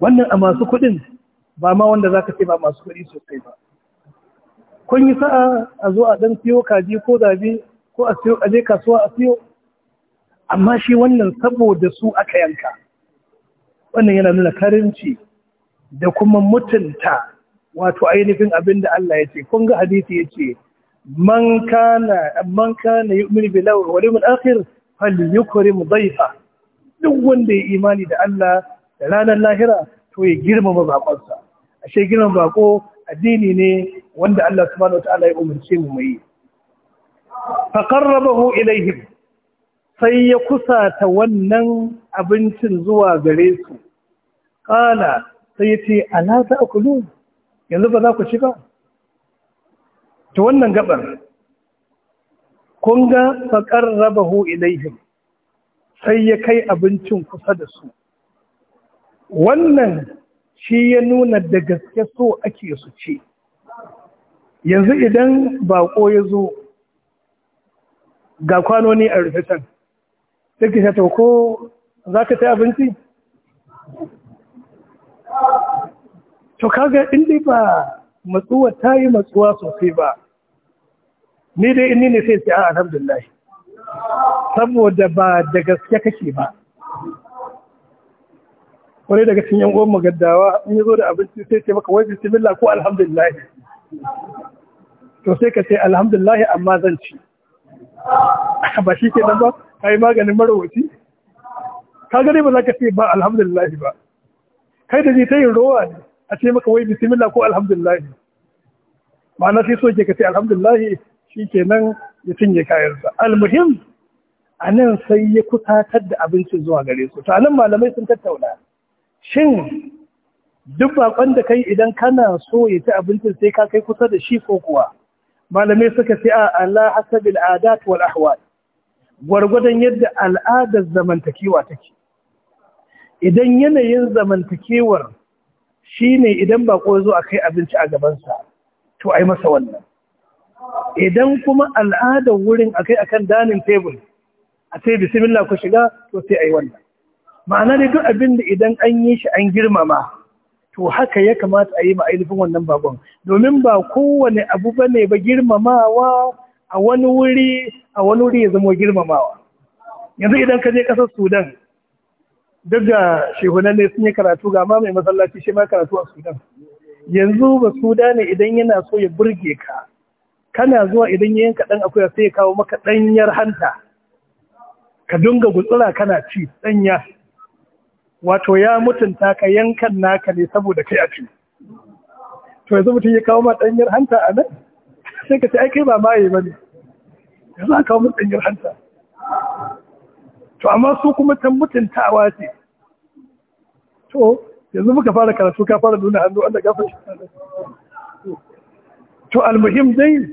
B: wannan a masu kuɗin ba ma wanda za ka ce ba masu kuɗi sosai ba kun yi sa'a a zo a ɗan siyo kaji ko zabe ko a siyo a je kasuwa a siyo amma shi wannan saboda su aka yanka wannan yana nuna karinci da kuma mutunta wato ainihin abin da Allah ya ce kun ga hadisi ya ce man kana man kana yu'minu bilawo, wani mun akhir zai fa? duk wanda ya imani da Allah da ranar lahira to ya girmama bakonsa ashe girman bako addini ne wanda Allah subhanahu wataala ya umarce mu mai fa qarrabahu ilaihim sai ya kusa ta wannan abincin zuwa gare su qala sai ya ce ala ta'kulun yanzu ba za ku ci ba to wannan gabar kun ga fa qarrabahu ilaihim sai ya kai abincin kusa da su wannan shi ya nuna da gaske so ake su ce yanzu idan bako ya zo ga kwanoni a rufe can take ta ko za ka ta abinci to kaga inda ba matsuwa ta yi matsuwa sosai ba ni dai inni ne sai sai a alhamdulillah saboda ba da gaske kake ba wani daga cin yan uwan magaddawa in zo da abinci sai ce maka wai bismillah ko alhamdulillah to sai ka ce alhamdulillah amma zan ci ba shi ke nan ba ka yi maganin marawaci ka gani ba za ka ce ba alhamdulillah ba kai da ji ta yin rowa ne a ce maka wai bismillah ko alhamdulillah ma'ana sai so ke ka ce alhamdulillah shi ke nan ya cinye kayansa almuhim a nan sai ya kusatar da abincin zuwa gare su to a nan malamai sun tattauna shin duk bakon da kai idan kana so ya ci abincin sai ka kai kusa da shi ko kuwa malamai suka ce a Allah hasabil adat wal ahwal gwargwadon yadda al'adar zamantakewa take idan yanayin zamantakewar shine idan bako zo a kai abinci a gabansa to ai masa wannan idan kuma al'adar wurin akai akan dining table a sai bismillah ku shiga to sai ai wannan ma'ana dai duk abin da idan an yi shi an girmama to haka ya kamata a yi ma ainihin wannan babban domin ba kowane abu ba ne ba girmamawa a wani wuri a wani wuri ya zama girmamawa yanzu idan ka je kasar sudan duk da shehunan ne sun yi karatu ga ma mai masallaci shi ma karatu a sudan yanzu ba sudan ne idan yana so ya burge ka kana zuwa idan ya yanka ɗan akuya sai ya kawo maka ɗanyar hanta ka dunga gutsura kana ci ɗanya wato ya mutunta ka yankan naka ne saboda kai a ciki to yanzu mutum ya kawo ma ɗanyar hanta a nan sai ka ce ai kai ba ma yi bane yanzu a kawo mu ɗanyar hanta to amma su kuma ta mutuntawa ce to yanzu muka fara karatu ka fara nuna hannu Allah ya
A: shi
B: to almuhim dai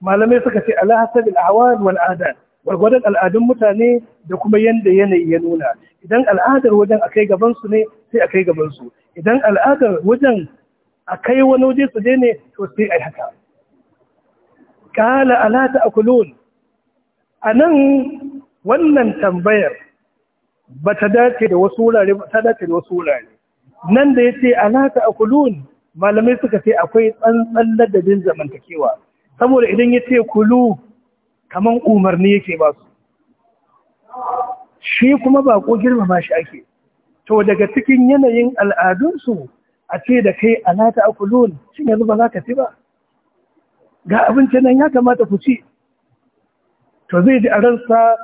B: malamai suka ce ala hasabil ahwal wal adat gwargwadon al'adun mutane da kuma yadda yanayi ya nuna idan al'adar wajen akai kai gabansu ne sai akai kai gabansu, idan al'adar wajen akai wani waje su je ne to sai ai haka qala ala a anan wannan tambayar ba ta dace da wasu wurare ba ta dace da wasu wurare nan da ya yace a kulun malamai suka ce akwai tsantsan ladabin zamantakewa saboda idan ya ce kulu kaman umarni yake ba su shi kuma bako girmama shi ake to daga cikin yanayin al'adunsu a ce da kai alata akulun shi yanzu ba za ka ci ba ga abinci nan ya kamata ku ci to zai ji a ransa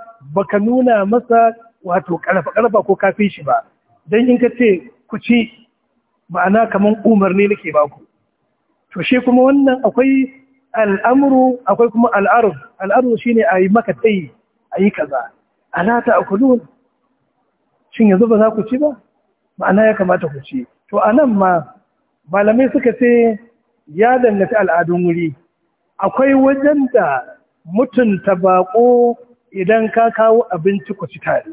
B: ka nuna masa wato karfa-karfa ko kafin shi ba don in ka ce ku ci ma'ana kaman umarni nake baku to shi kuma wannan akwai al'amuru akwai kuma al'arun al'arun shi ne a yi maka tsayi a yi kaza alata a kudu shin yanzu ba za ku ci ba ma'ana ya kamata ku ci to a nan ma malamai suka ce ya dangata al'adun wuri akwai wajen da mutunta baƙo idan ka kawo abinci ku ci tare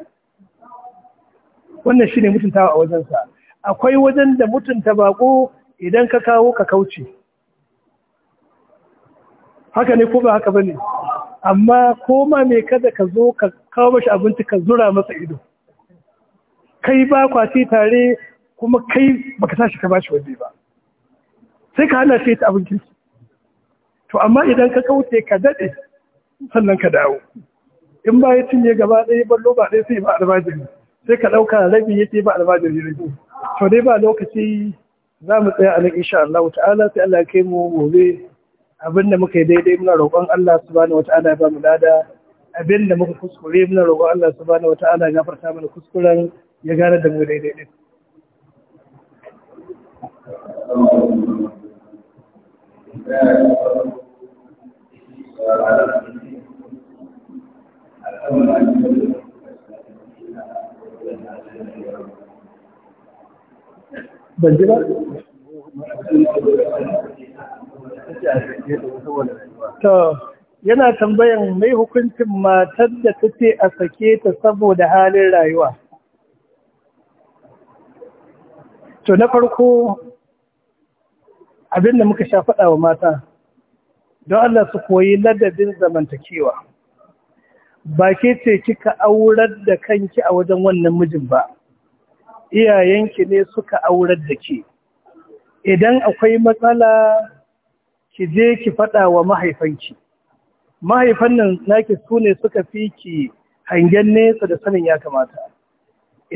B: wannan shi ne mutuntawa a wajensa akwai wajen da mutunta baƙo idan ka kawo ka kauce haka ne ko ba haka bane amma koma me kada ka zo ka kawo mashi abinci ka zura masa ido kai ba ci tare kuma kai baka tashi ka bashi waje ba sai ka hana shi ta abincin to amma idan ka kauce ka dade sannan ka dawo in ba ya cinye gaba ɗaya ballo ba ɗaya sai ba albajiri sai ka ɗauka rabi yake ba albajiri rabi to dai ba lokaci za mu tsaya a nan insha Allah ta'ala sai Allah ya kai mu gobe abinda muka yi daidai muna roƙon Allah subhanahu wata'ala ya ba mu lada abinda muka kuskure muna roƙon Allah subhanahu wata'ala ya gafarta mana kuskuren ya gane da mu daidai din Ban ji To, yana tambayan mai hukuncin matar da ta ce a sake ta saboda halin rayuwa. To, na farko abin muka sha faɗa wa mata, don Allah su koyi ladabin zamantakewa. Ba ke ce kika aurar da kanki a wajen wannan mijin ba, iyayenki ne suka aurar da ke. Idan akwai matsala ki je ki faɗa wa mahaifanki mahaifan nan naki su ne suka fi ki hangen nesa da sanin ya kamata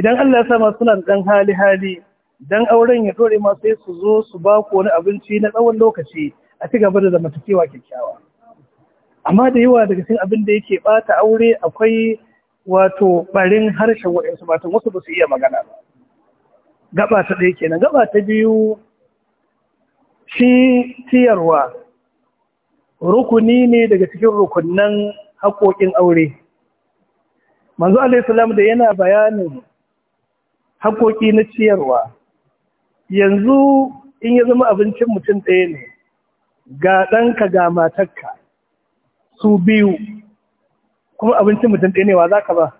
B: idan Allah ya sa sama suna ɗan hali hali dan auren ya dore ma sai su zo su ba ku wani abinci na tsawon lokaci a ci gaba da zamantakewa kyakkyawa amma da yawa daga cikin abin da yake bata aure akwai wato ɓarin harshen waɗansu matan wasu ba su iya magana ba gaba ta ɗaya kenan gaba ta biyu ci ciyarwa rukuni ne daga cikin rukunan haƙoƙin aure manzo alaihissalam da yana bayanin haƙoƙi na ciyarwa yanzu in ya zama abincin mutum ɗaya ne ga ɗanka ga matarka su biyu kuma abincin mutum ɗaya ne wa za ka ba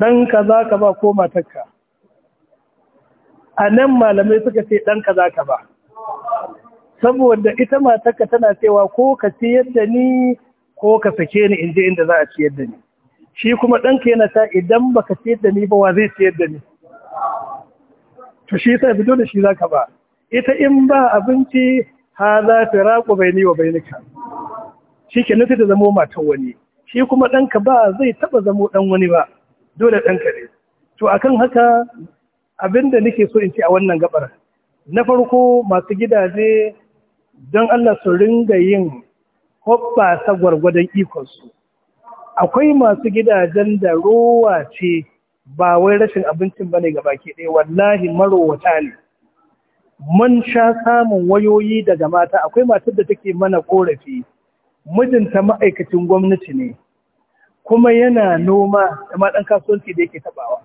B: ɗanka za ka ba ko matarka a nan malamai suka ce ɗan ka za ka ba saboda ita matarka tana cewa ko ka ciyar da ni ko ka sake ni in je inda za a ciyar da ni shi kuma ɗanka yana ta idan ba ka ciyar da ni ba wa zai ciyar da ni to shi yasa fito da shi za ka ba ita in ba abinci ha za ta raƙo bai ni wa bai nika shi ke nufi da zamo matan wani shi kuma ɗanka ba zai taɓa zamo ɗan wani ba dole ɗanka ne to akan haka Abin da nake so in ce a wannan gabar na farko masu gidaje don Allah su ringa yin hoɓɓasa gwargwadon ikonsu akwai masu gidajen da rowa ce ba wai rashin abincin bane ga baki ɗaya wallahi marowata ne mun sha samun wayoyi daga mata akwai matar da take mana korafi mijinta ma'aikacin gwamnati ne kuma yana noma da ma ɗan kasuwanci da yake taɓawa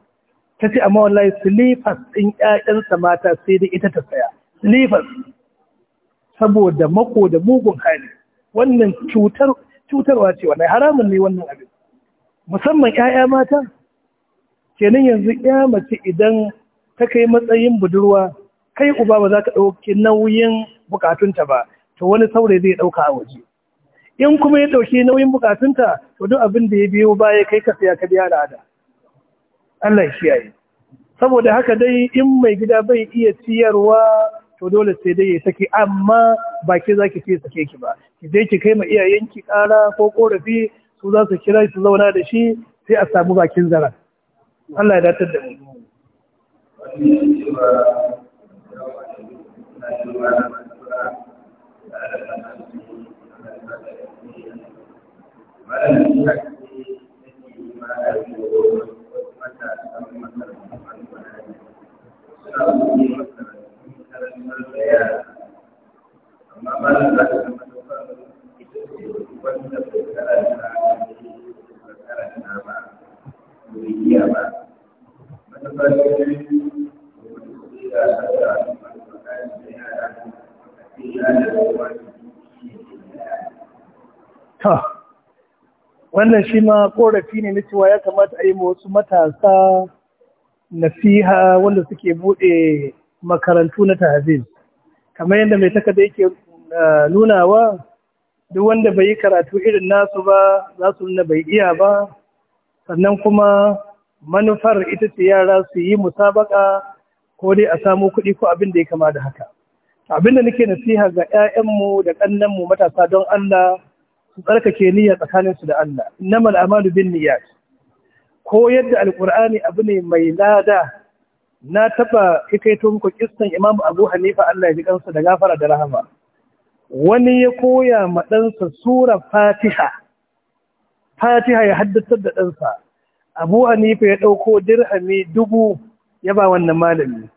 B: ta ce amma wallahi silifas ɗin ƴaƴansa mata sai dai ita ta saya silifas saboda mako da mugun hali wannan cutar cutarwa ce wannan haramun ne wannan abin musamman ƴaƴa mata kenan yanzu ƴa mace idan ta kai matsayin budurwa kai uba ba za ka ɗauki nauyin bukatunta ba to wani saurayi zai ɗauka a waje in kuma ya ɗauki nauyin bukatunta to duk abin da ya biyo baya kai ka saya ka biya da Allah ya kiyaye saboda haka dai in mai gida bai iya ciyarwa to dole sai dai ya saki. amma ba ke za ki sake ki ba ki je ki kai ma iyayenki kara ko korafi su za su kira su zauna da shi sai a samu bakin zara Allah ya datar da mu Thank you. Tough. wannan shi ma korafi ne na cewa ya kamata a yi wasu matasa nasiha wanda suke buɗe makarantu na tahzib kamar yadda mai takarda yake eh, nunawa duk wanda bai yi karatu irin nasu ba za su nuna bai iya ba sannan kuma manufar ita ce yara su yi musabaka ko dai a samu kuɗi ko abin da ya kama da haka abinda da nake nasiha ga 'ya'yanmu da ƙannenmu matasa don Allah su tsarkake niyya tsakaninsu da Allah na amalu bin niyyat ko yadda alqur'ani abu ne mai lada na taba hikaito muku kissan imam abu hanifa Allah ya ji kansa da gafara da rahama wani ya koya ma ɗansa sura fatiha fatiha ya haddasar da ɗansa abu hanifa ya ɗauko dirhami dubu ya ba wannan malami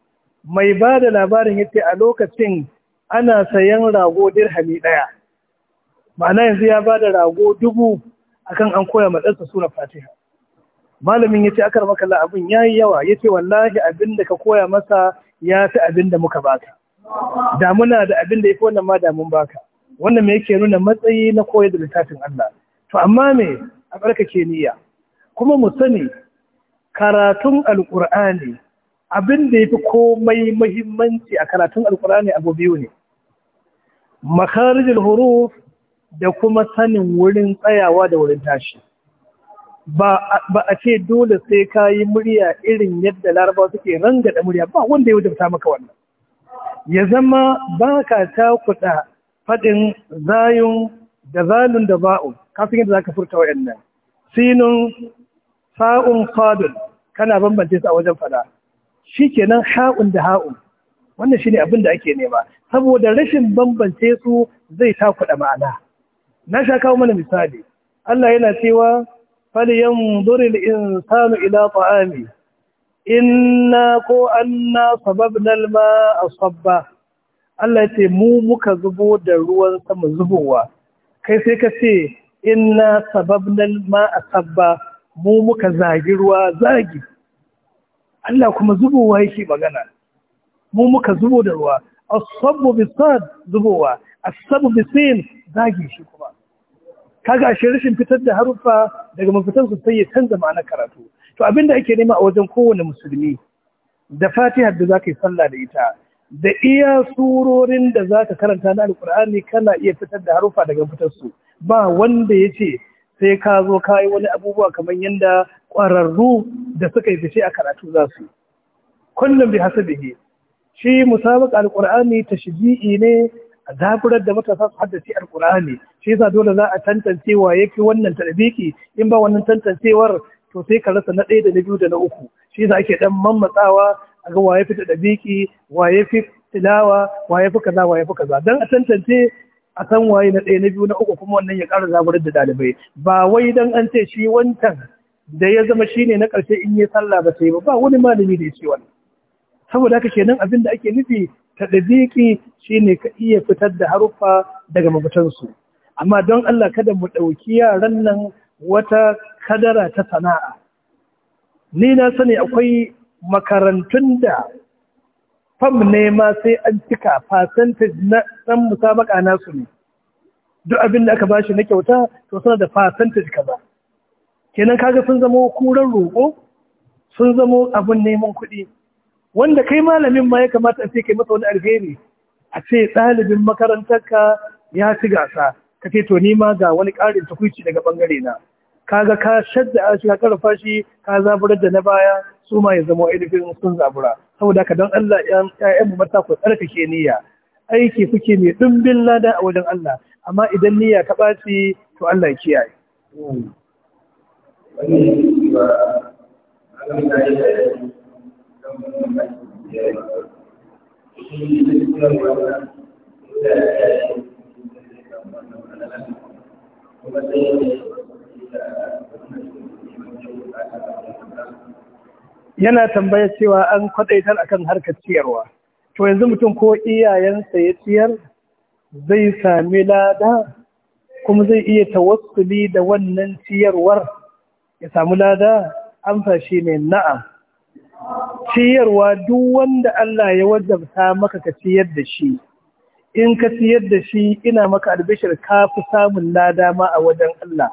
B: mai ba da labarin yace a lokacin ana sayan rago dirhami ɗaya ma'ana yanzu ya ba da rago dubu a kan an koya matsarsa suna fatiha malamin ya ce rama kalla abin ya yi yawa ya ce wallahi abin da ka koya masa ya fi abin da muka baka damuna da abin da ya fi wannan ma damun baka wannan me yake nuna matsayi na koyar da littafin Allah to amma me a ke niyya kuma mu sani karatun Alƙur'ani abin da fi komai muhimmanci a karatun Alƙur'ani abu biyu ne makharijul huruf da kuma sanin wurin tsayawa da wurin tashi ba a ce dole sai ka yi murya irin yadda larabawa suke da murya ba wanda ya wajabta maka wannan ya zama ba ka takuɗa faɗin zayun da zalun da ba'un kafin yadda za ka furta wa wa'annan sinun sa'un fadun kana bambance su a wajen fada shi kenan ha'un da ha'un wannan shi ne abin da ake nema saboda rashin bambance su zai takuɗa ma'ana na sha kawo mana misali Allah yana cewa falyanzur al-insanu ila ta'ami inna ko anna sababna al-ma'a sabba Allah ce mu muka zubo da ruwan sama zubowa kai sai ka ce inna sababna ma maa sabba mu muka zagi ruwa zagi Allah kuma zubowa yake magana mu muka zubo da ruwa as-sabbu bis zubowa as-sabbu bis-sin zagi shi kuma kaga ashe rashin fitar da haruffa daga mafitan su sai ya canza ma'anar karatu to abinda ake nema a wajen kowane musulmi da Fatiha da zaka yi sallah da ita da iya surorin da za ka karanta na alkur'ani kana iya fitar da haruffa daga fitar su ba wanda ya ce sai ka zo ka yi wani abubuwa kamar yadda ƙwararru da suka yi fice a karatu za su kullum bi hasabihi shi musabaqa alqur'ani tashji'i ne a zaburar da matasa su haddace ƙurani shi yasa dole za a tantance wa yake wannan tarbiki in ba wannan tantancewar to sai ka rasa na ɗaya da na biyu da na uku shi yasa ake dan mammatsawa a ga waye ya fi tarbiki fi tilawa Waye fi kaza Waye fi kaza dan a tantance a san waye na ɗaya na biyu na uku kuma wannan ya ƙara zaburar da ɗalibai ba wai dan an ce shi wancan da ya zama shine na ƙarshe in yi sallah ba sai ba ba wani malami da ya ce wannan saboda haka kenan abin da ake nufi shi shine ka iya fitar da haruffa daga su. amma don Allah kada mu ɗauki yaran nan wata kadara ta sana'a ni na sani akwai makarantun da fam ne ma sai an cika percentage na ɗan musabaka nasu ne duk abin da aka bashi na kyauta to suna da percentage kaza kenan kaga sun zama kuran roƙo sun zama abin neman kuɗi wanda kai malamin ma ya kamata a ce kai masa wani alheri a ce ɗalibin makarantarka ya ci gasa ka ce to nima ga wani ƙarin tukuici daga ɓangare na kaga ka shadda shi ka karfa shi ka zaburar da na baya su ma ya zama ainihin sun zabura saboda ka don Allah ƴaƴan mu mata ku tsarkake niyya aiki kuke mai ɗumbin lada a wajen Allah amma idan niyya ka ɓaci to Allah ya kiyaye. Wani yana tambaya cewa an kwadaitar akan harkar ciyarwa to yanzu mutum ko iyayensa ya ciyar zai sami lada kuma zai iya tawassuli da wannan ciyarwar ya samu lada amsa shi ne na'am ciyarwa duk wanda Allah ya wajabta maka ka ciyar da shi in ka ciyar da shi ina maka albishir ka fi samun lada ma a wajen Allah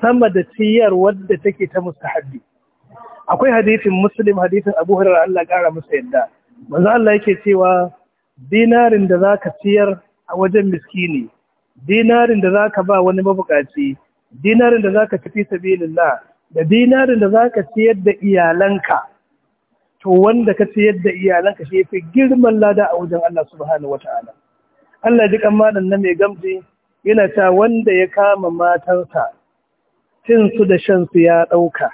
B: sama da ciyar wadda take ta mustahabbi akwai hadisin muslim hadisin abu hurairah Allah kara masa yadda manzo Allah yake cewa dinarin da zaka ciyar a wajen miskini dinarin da zaka ba wani mabukaci dinarin da zaka tafi sabilillah da dinarin da za ka ciyar da iyalanka to wanda ka ciyar da iyalanka shi fi girman lada a wajen Allah subhanahu wata'ala Allah ji kan dan na mai gamji yana ta wanda ya kama matansa cin su da shan su ya ɗauka,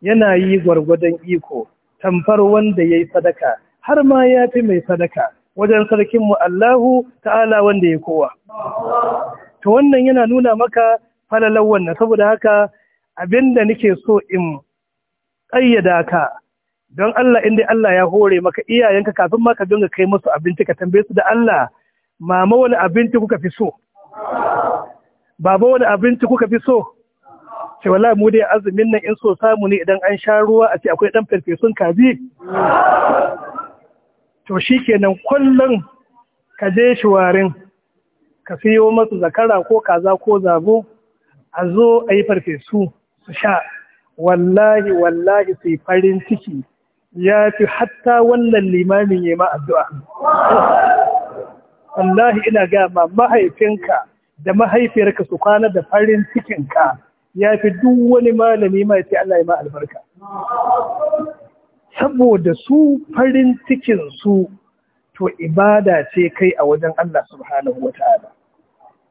B: yana yi gwargwadon iko tamfar wanda yayi sadaka har ma ya fi mai sadaka wajen sarkin mu Allahu ta'ala wanda ya kowa to wannan yana nuna maka falalar wannan saboda haka Abin da nake so in ƙayyada ka don Allah inda Allah ya hore maka iyayenka kafin ma ka dinga kai musu abinci ka tambaye su da Allah mama wani abinci kuka fi so baba wani abinci kuka fi so ce wala mu dai azumin nan in so samu ne idan an sha ruwa a ce akwai dan farfesun kaji to shikenan kullun ka je shi warin ka siyo masu zakara ko kaza ko zabo a zo a yi farfesu sha wallahi wallahi sai farin ciki ya fi hatta wannan limamin ya ma addu'a wallahi ina gama mahaifinka da mahaifiyarka su kwana da farin cikinka ya fi duk wani malami ma ya ce Allah ya ma albarka saboda su farin cikinsu to ibada ce kai a wajen Allah subhanahu wa ta'ala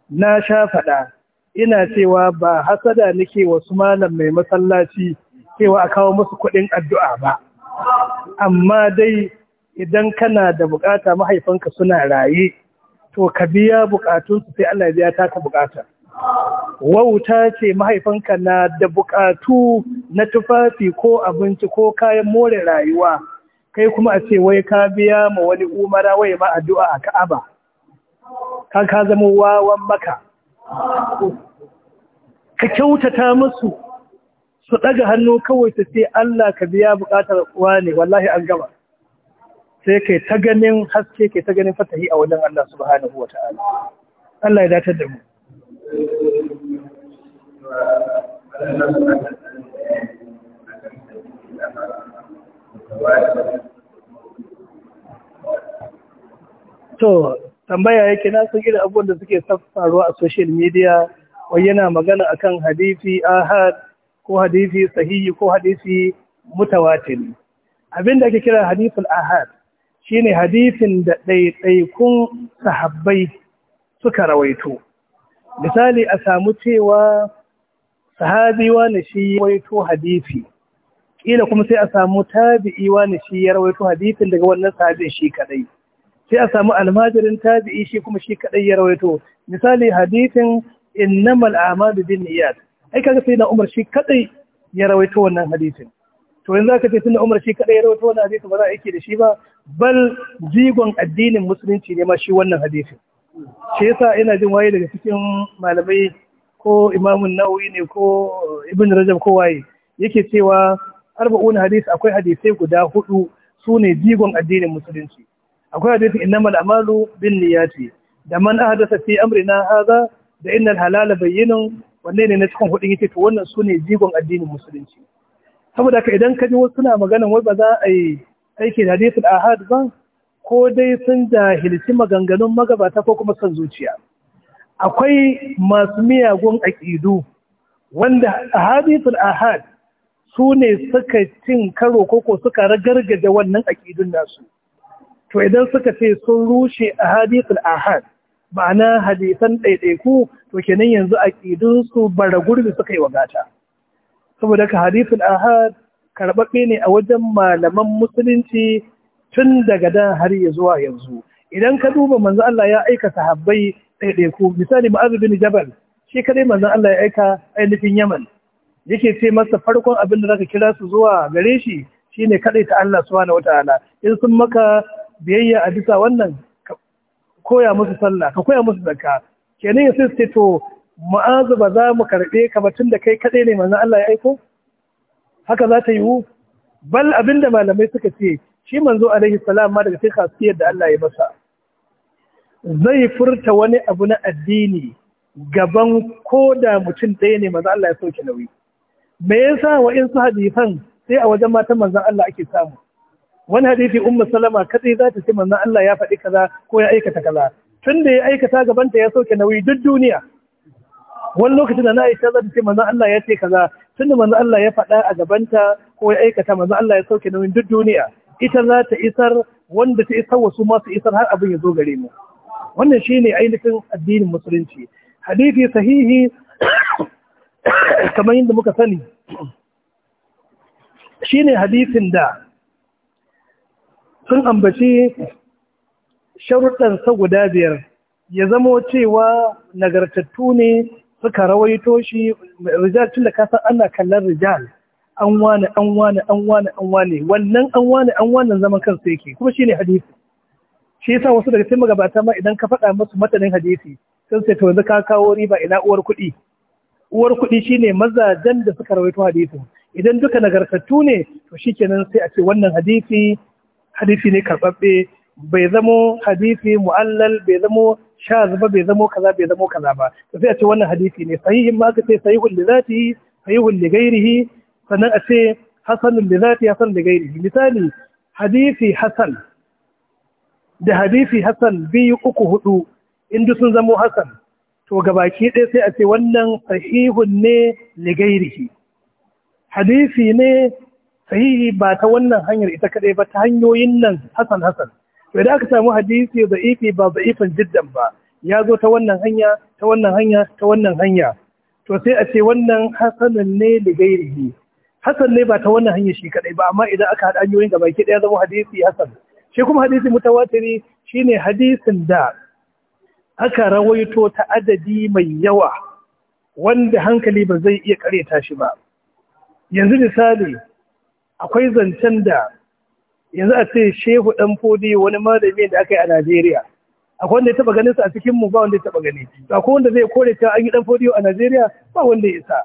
B: na sha faɗa ina cewa ba hasada nake wasu malam mai masallaci cewa a kawo musu kuɗin addu'a ba amma dai idan kana da bukata mahaifanka suna raye to ka biya su sai Allah ya biya taka bukata wauta ce mahaifanka na da bukatu na tufafi ko abinci ko kayan more rayuwa kai kuma a ce wai ka biya ma wani umara wai ma addu'a a Ka'aba Ka ka zama wawan maka ka kyautata musu su ɗaga hannu kawai ta ce Allah ka biya buƙatar ne wallahi an gaba sai kai ta ganin haske kai ta ganin fatahi a wajen Allah subhanahu wa ta'ala Allah ya datar da mu to tambaya yake na san irin abubuwan da suke faruwa a social media wai yana magana akan hadisi ahad ko hadisi sahihi ko hadisi mutawatir abin da ake kira hadisul ahad shine hadisin da ɗaiɗaikun sahabbai suka rawaito misali a samu cewa sahabi wani shi rawaito hadisi kila kuma sai a samu tabi'i wani shi ya rawaito hadisin daga wannan sahabin shi kadai sai a samu almajirin tabi'i shi kuma shi kadai ya rawaito misali hadithin innamal a'malu bin niyyat ai kaga sai na Umar shi kadai ya rawaito wannan hadithin to yanzu aka ce tunda Umar shi kadai ya rawaito wannan hadithin ba za a yake da shi ba bal jigon addinin musulunci ne ma shi wannan hadithin shi yasa ina jin waye daga cikin malamai ko imamun nawawi ne ko ibn rajab ko waye yake cewa arba'un hadisi akwai hadisai guda hudu su ne jigon addinin musulunci akwai hadisi innamal a'malu bin niyyati da man ahdasa fi amrina hadha da innal halala bayyinun wanne ne na cikin hudin yake to wannan sune jigon addinin musulunci saboda ka idan ka ji wasu suna magana wai ba za a yi aiki da hadisul ahad ba ko dai sun jahilci maganganun magabata ko kuma son zuciya akwai masu miyagun aƙidu wanda ahadisul ahad su ne suka cin karo ko ko suka ragargaje wannan aƙidun nasu to idan suka ce sun rushe a hadithul ahad ma'ana hadisan ɗaiɗaiku to kenan yanzu ƙidin su bara gurbi suka yi wa gata. saboda ka hadithul ahad karɓaɓɓe ne a wajen malaman musulunci tun daga dan har ya zuwa yanzu idan ka duba manzo Allah ya aika sahabbai ɗaiɗaiku misali ma'azu bin Jabal shi kadai manzo Allah ya aika ainihin Yaman yake ce masa farkon abin da zaka kira su zuwa gare shi shine kadai ta Allah subhanahu wataala in sun maka biyayya a bisa wannan koya musu sallah ka koya musu zakka kenan sai to mu'azu ba za mu karɓe ka ba tun da kai kaɗai ne manzon Allah ya aiko haka za ta yiwu bal abinda malamai suka ce shi manzo alaihi salam ma daga sai khasiyar da Allah ya masa zai furta wani abu na addini gaban koda mutum ɗaya ne manzo Allah ya sauke nauyi me yasa wa in su hadifan sai a wajen matan manzon Allah ake samu wani hadisi umma salama kadai za ta ce manzon Allah ya faɗi kaza ko ya aikata kaza tun da ya aikata gabanta ya soke nauyi duk duniya wani lokacin da na aisha za ta ce manzon Allah ya ce kaza tun da manzon Allah ya faɗa a gabanta ko ya aikata manzon Allah ya sauke nauyi duk duniya ita za ta isar wanda ta isar wasu masu isar har abin ya zo gare mu wannan shine ainihin addinin musulunci hadisi sahihi kamar yadda muka sani shine hadisin da sun ambaci sharuɗansa guda biyar ya zamo cewa nagartattu ne suka rawaito shi rijal tun da kasar ana kallon rijal an wane an wane an wane an wane wannan an wane an wane zaman kansu yake kuma shi ne hadisi shi yasa wasu daga cikin magabata ma idan ka faɗa musu matanin hadisi sun sai to yanzu ka kawo riba ina uwar kuɗi uwar kuɗi shine mazajen da suka rawaito hadisi. idan duka nagartattu ne to shi shikenan sai a ce wannan hadisi hadisi ne karɓaɓɓe bai zamo hadisi mu'allal bai zamo sha ba bai zamo kaza bai zamo kaza ba to sai a ce wannan hadisi ne sahihin ma ka ce sahihun li zatihi sahihun li ghairihi sannan a ce hasanun li zatihi hasan li ghairihi misali hadisi hasan da hadisi hasan biyu uku hudu in sun zamo hasan to gabaki ɗaya sai a ce wannan sahihun ne li ghairihi hadisi ne sahihi ba ta wannan hanyar ita kaɗai ba ta hanyoyin nan hasan hasan to idan aka samu hadisi da ifi ba da ifin jiddan ba ya zo ta wannan hanya ta wannan hanya ta wannan hanya to sai a ce wannan hasanan ne da gairihi hasan ne ba ta wannan hanyar shi kadai ba amma idan aka haɗa hanyoyin gaba ki ɗaya zama hadisi hasan shi kuma hadisi mutawatiri shine hadisin da aka rawaito ta adadi mai yawa wanda hankali ba zai iya kareta shi ba yanzu misali akwai zancen da yanzu a ce shehu dan fodi wani malami da aka yi a Najeriya akwai wanda ya taba ganin sa a cikin mu ba wanda ya taba gani akwai wanda zai kore ta an yi dan fodi a Najeriya ba wanda ya isa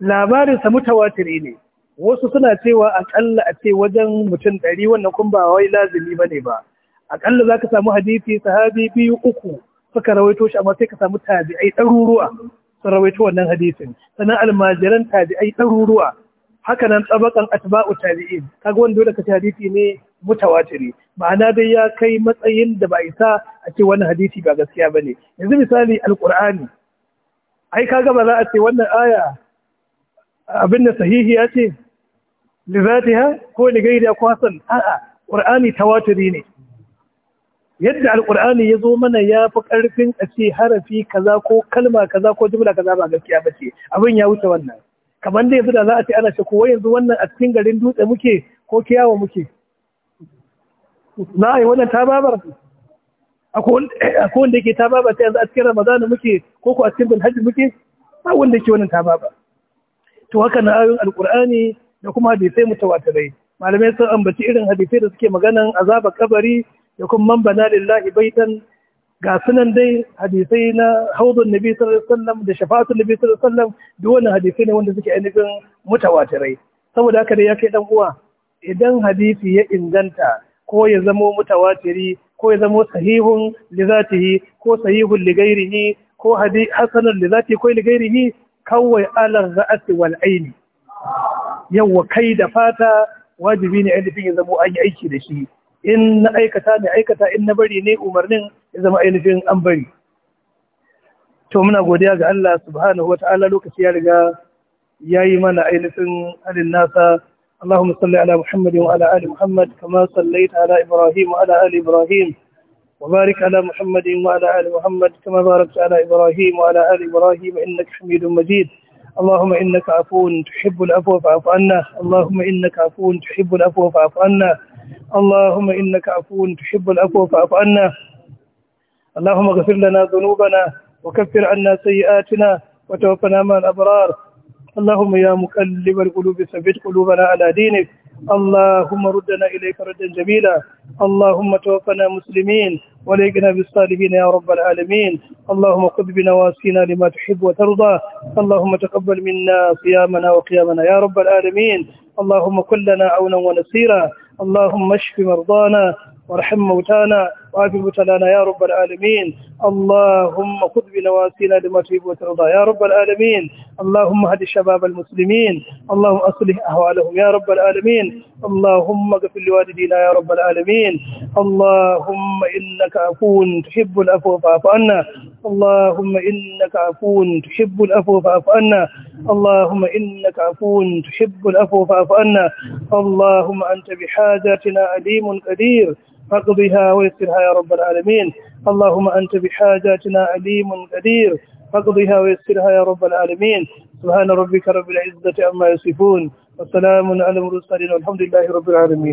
B: labarin sa mutawatir ne wasu suna cewa akalla a ce wajen mutum ɗari wannan kun ba wai lazimi bane ba akalla zaka samu hadisi sahabi biyu uku suka rawaito shi amma sai ka samu tabi'ai ɗaruruwa sun rawaito wannan hadisin sannan almajiran tabi'ai ɗaruruwa haka nan tsabakan atba'u tabi'in kaga wanda dole ka hadisi ne mutawatiri ma'ana dai ya kai matsayin da ba isa a ce wannan hadisi ba gaskiya bane yanzu misali alqur'ani ai kaga ba za a ce wannan aya abin da sahihi ya ce li zatiha ko li ko hasan a'a qur'ani tawatiri ne
A: yadda Alƙur'ani
B: ya zo mana ya fi karfin a ce harafi kaza ko kalma kaza ko jumla kaza ba gaskiya ba ce abin ya wuce wannan kamar da yanzu da za a ce ana ce ko yanzu wannan a cikin garin dutse muke ko kiyawa muke na yi wannan tababar kowane eh, wanda yake tababar ta yanzu a cikin ramadana muke ko ko a cikin bin hajji muke ba wanda yake wannan tababar to haka na ayoyin alkur'ani da kuma hadisai mutawatirai malamai sun ambaci irin hadisai da suke maganan azabar kabari da kuma man bana lillahi baitan ga sunan dai hadisai na haudun nabi sallallahu alaihi da shafatun nabi sallallahu alaihi wasallam duk wannan hadisai ne wanda suke ainihin mutawatirai saboda haka dai ya kai dan uwa idan hadisi ya inganta ko ya zama mutawatiri ko ya zamo sahihun li ko sahihun li ghairihi ko hadith hasanun li zatihi ko li ghairihi kawai ala ra'si wal aini yawa kai da fata wajibi ne ainihin ya zamo an yi aiki da shi in na aikata ne aikata in na bari ne umarnin ya zama ainihin an bari to muna godiya ga Allah subhanahu wa ta'ala lokaci ya riga ya yi mana ainihin halin nasa Allahumma salli ala Muhammad wa ala Muhammad kama sallaita ala Ibrahim wa ala ali Ibrahim wa barik ala Muhammad wa ala ali Muhammad kama barakta ala Ibrahim wa ala Majid اللهم إنك عفو تحب العفو فاعف عنا اللهم إنك عفو تحب العفو فاعف عنا اللهم إنك عفو تحب العفو فاعف عنا اللهم اغفر لنا ذنوبنا وكفر عنا سيئاتنا وتوفنا مع الأبرار اللهم يا مقلب القلوب ثبت قلوبنا على دينك اللهم ردنا إليك ردا جميلا اللهم توفنا مسلمين وليقنا بالصالحين يا رب العالمين اللهم بنا بنواسينا لما تحب وترضى اللهم تقبل منا صيامنا وقيامنا يا رب العالمين اللهم كن لنا عونا ونصيرا اللهم اشف مرضانا وارحم موتانا وعافي المتلانا يا رب العالمين اللهم خذ بنواسينا لما تحب وترضى يا رب العالمين اللهم هد شباب المسلمين اللهم أصلح أحوالهم يا رب العالمين اللهم اغفر لوالدينا يا رب العالمين اللهم إنك عفو تحب العفو فاعف عنا اللهم إنك عفو تحب العفو فاعف عنا اللهم إنك عفو تحب العفو فاعف عنا اللهم أنت بحاجاتنا عليم قدير فاقضها ويسرها يا رب العالمين اللهم أنت بحاجاتنا عليم قدير فاقضها ويسرها يا رب العالمين سبحان ربك رب العزة عما يصفون وسلام على المرسلين والحمد لله رب العالمين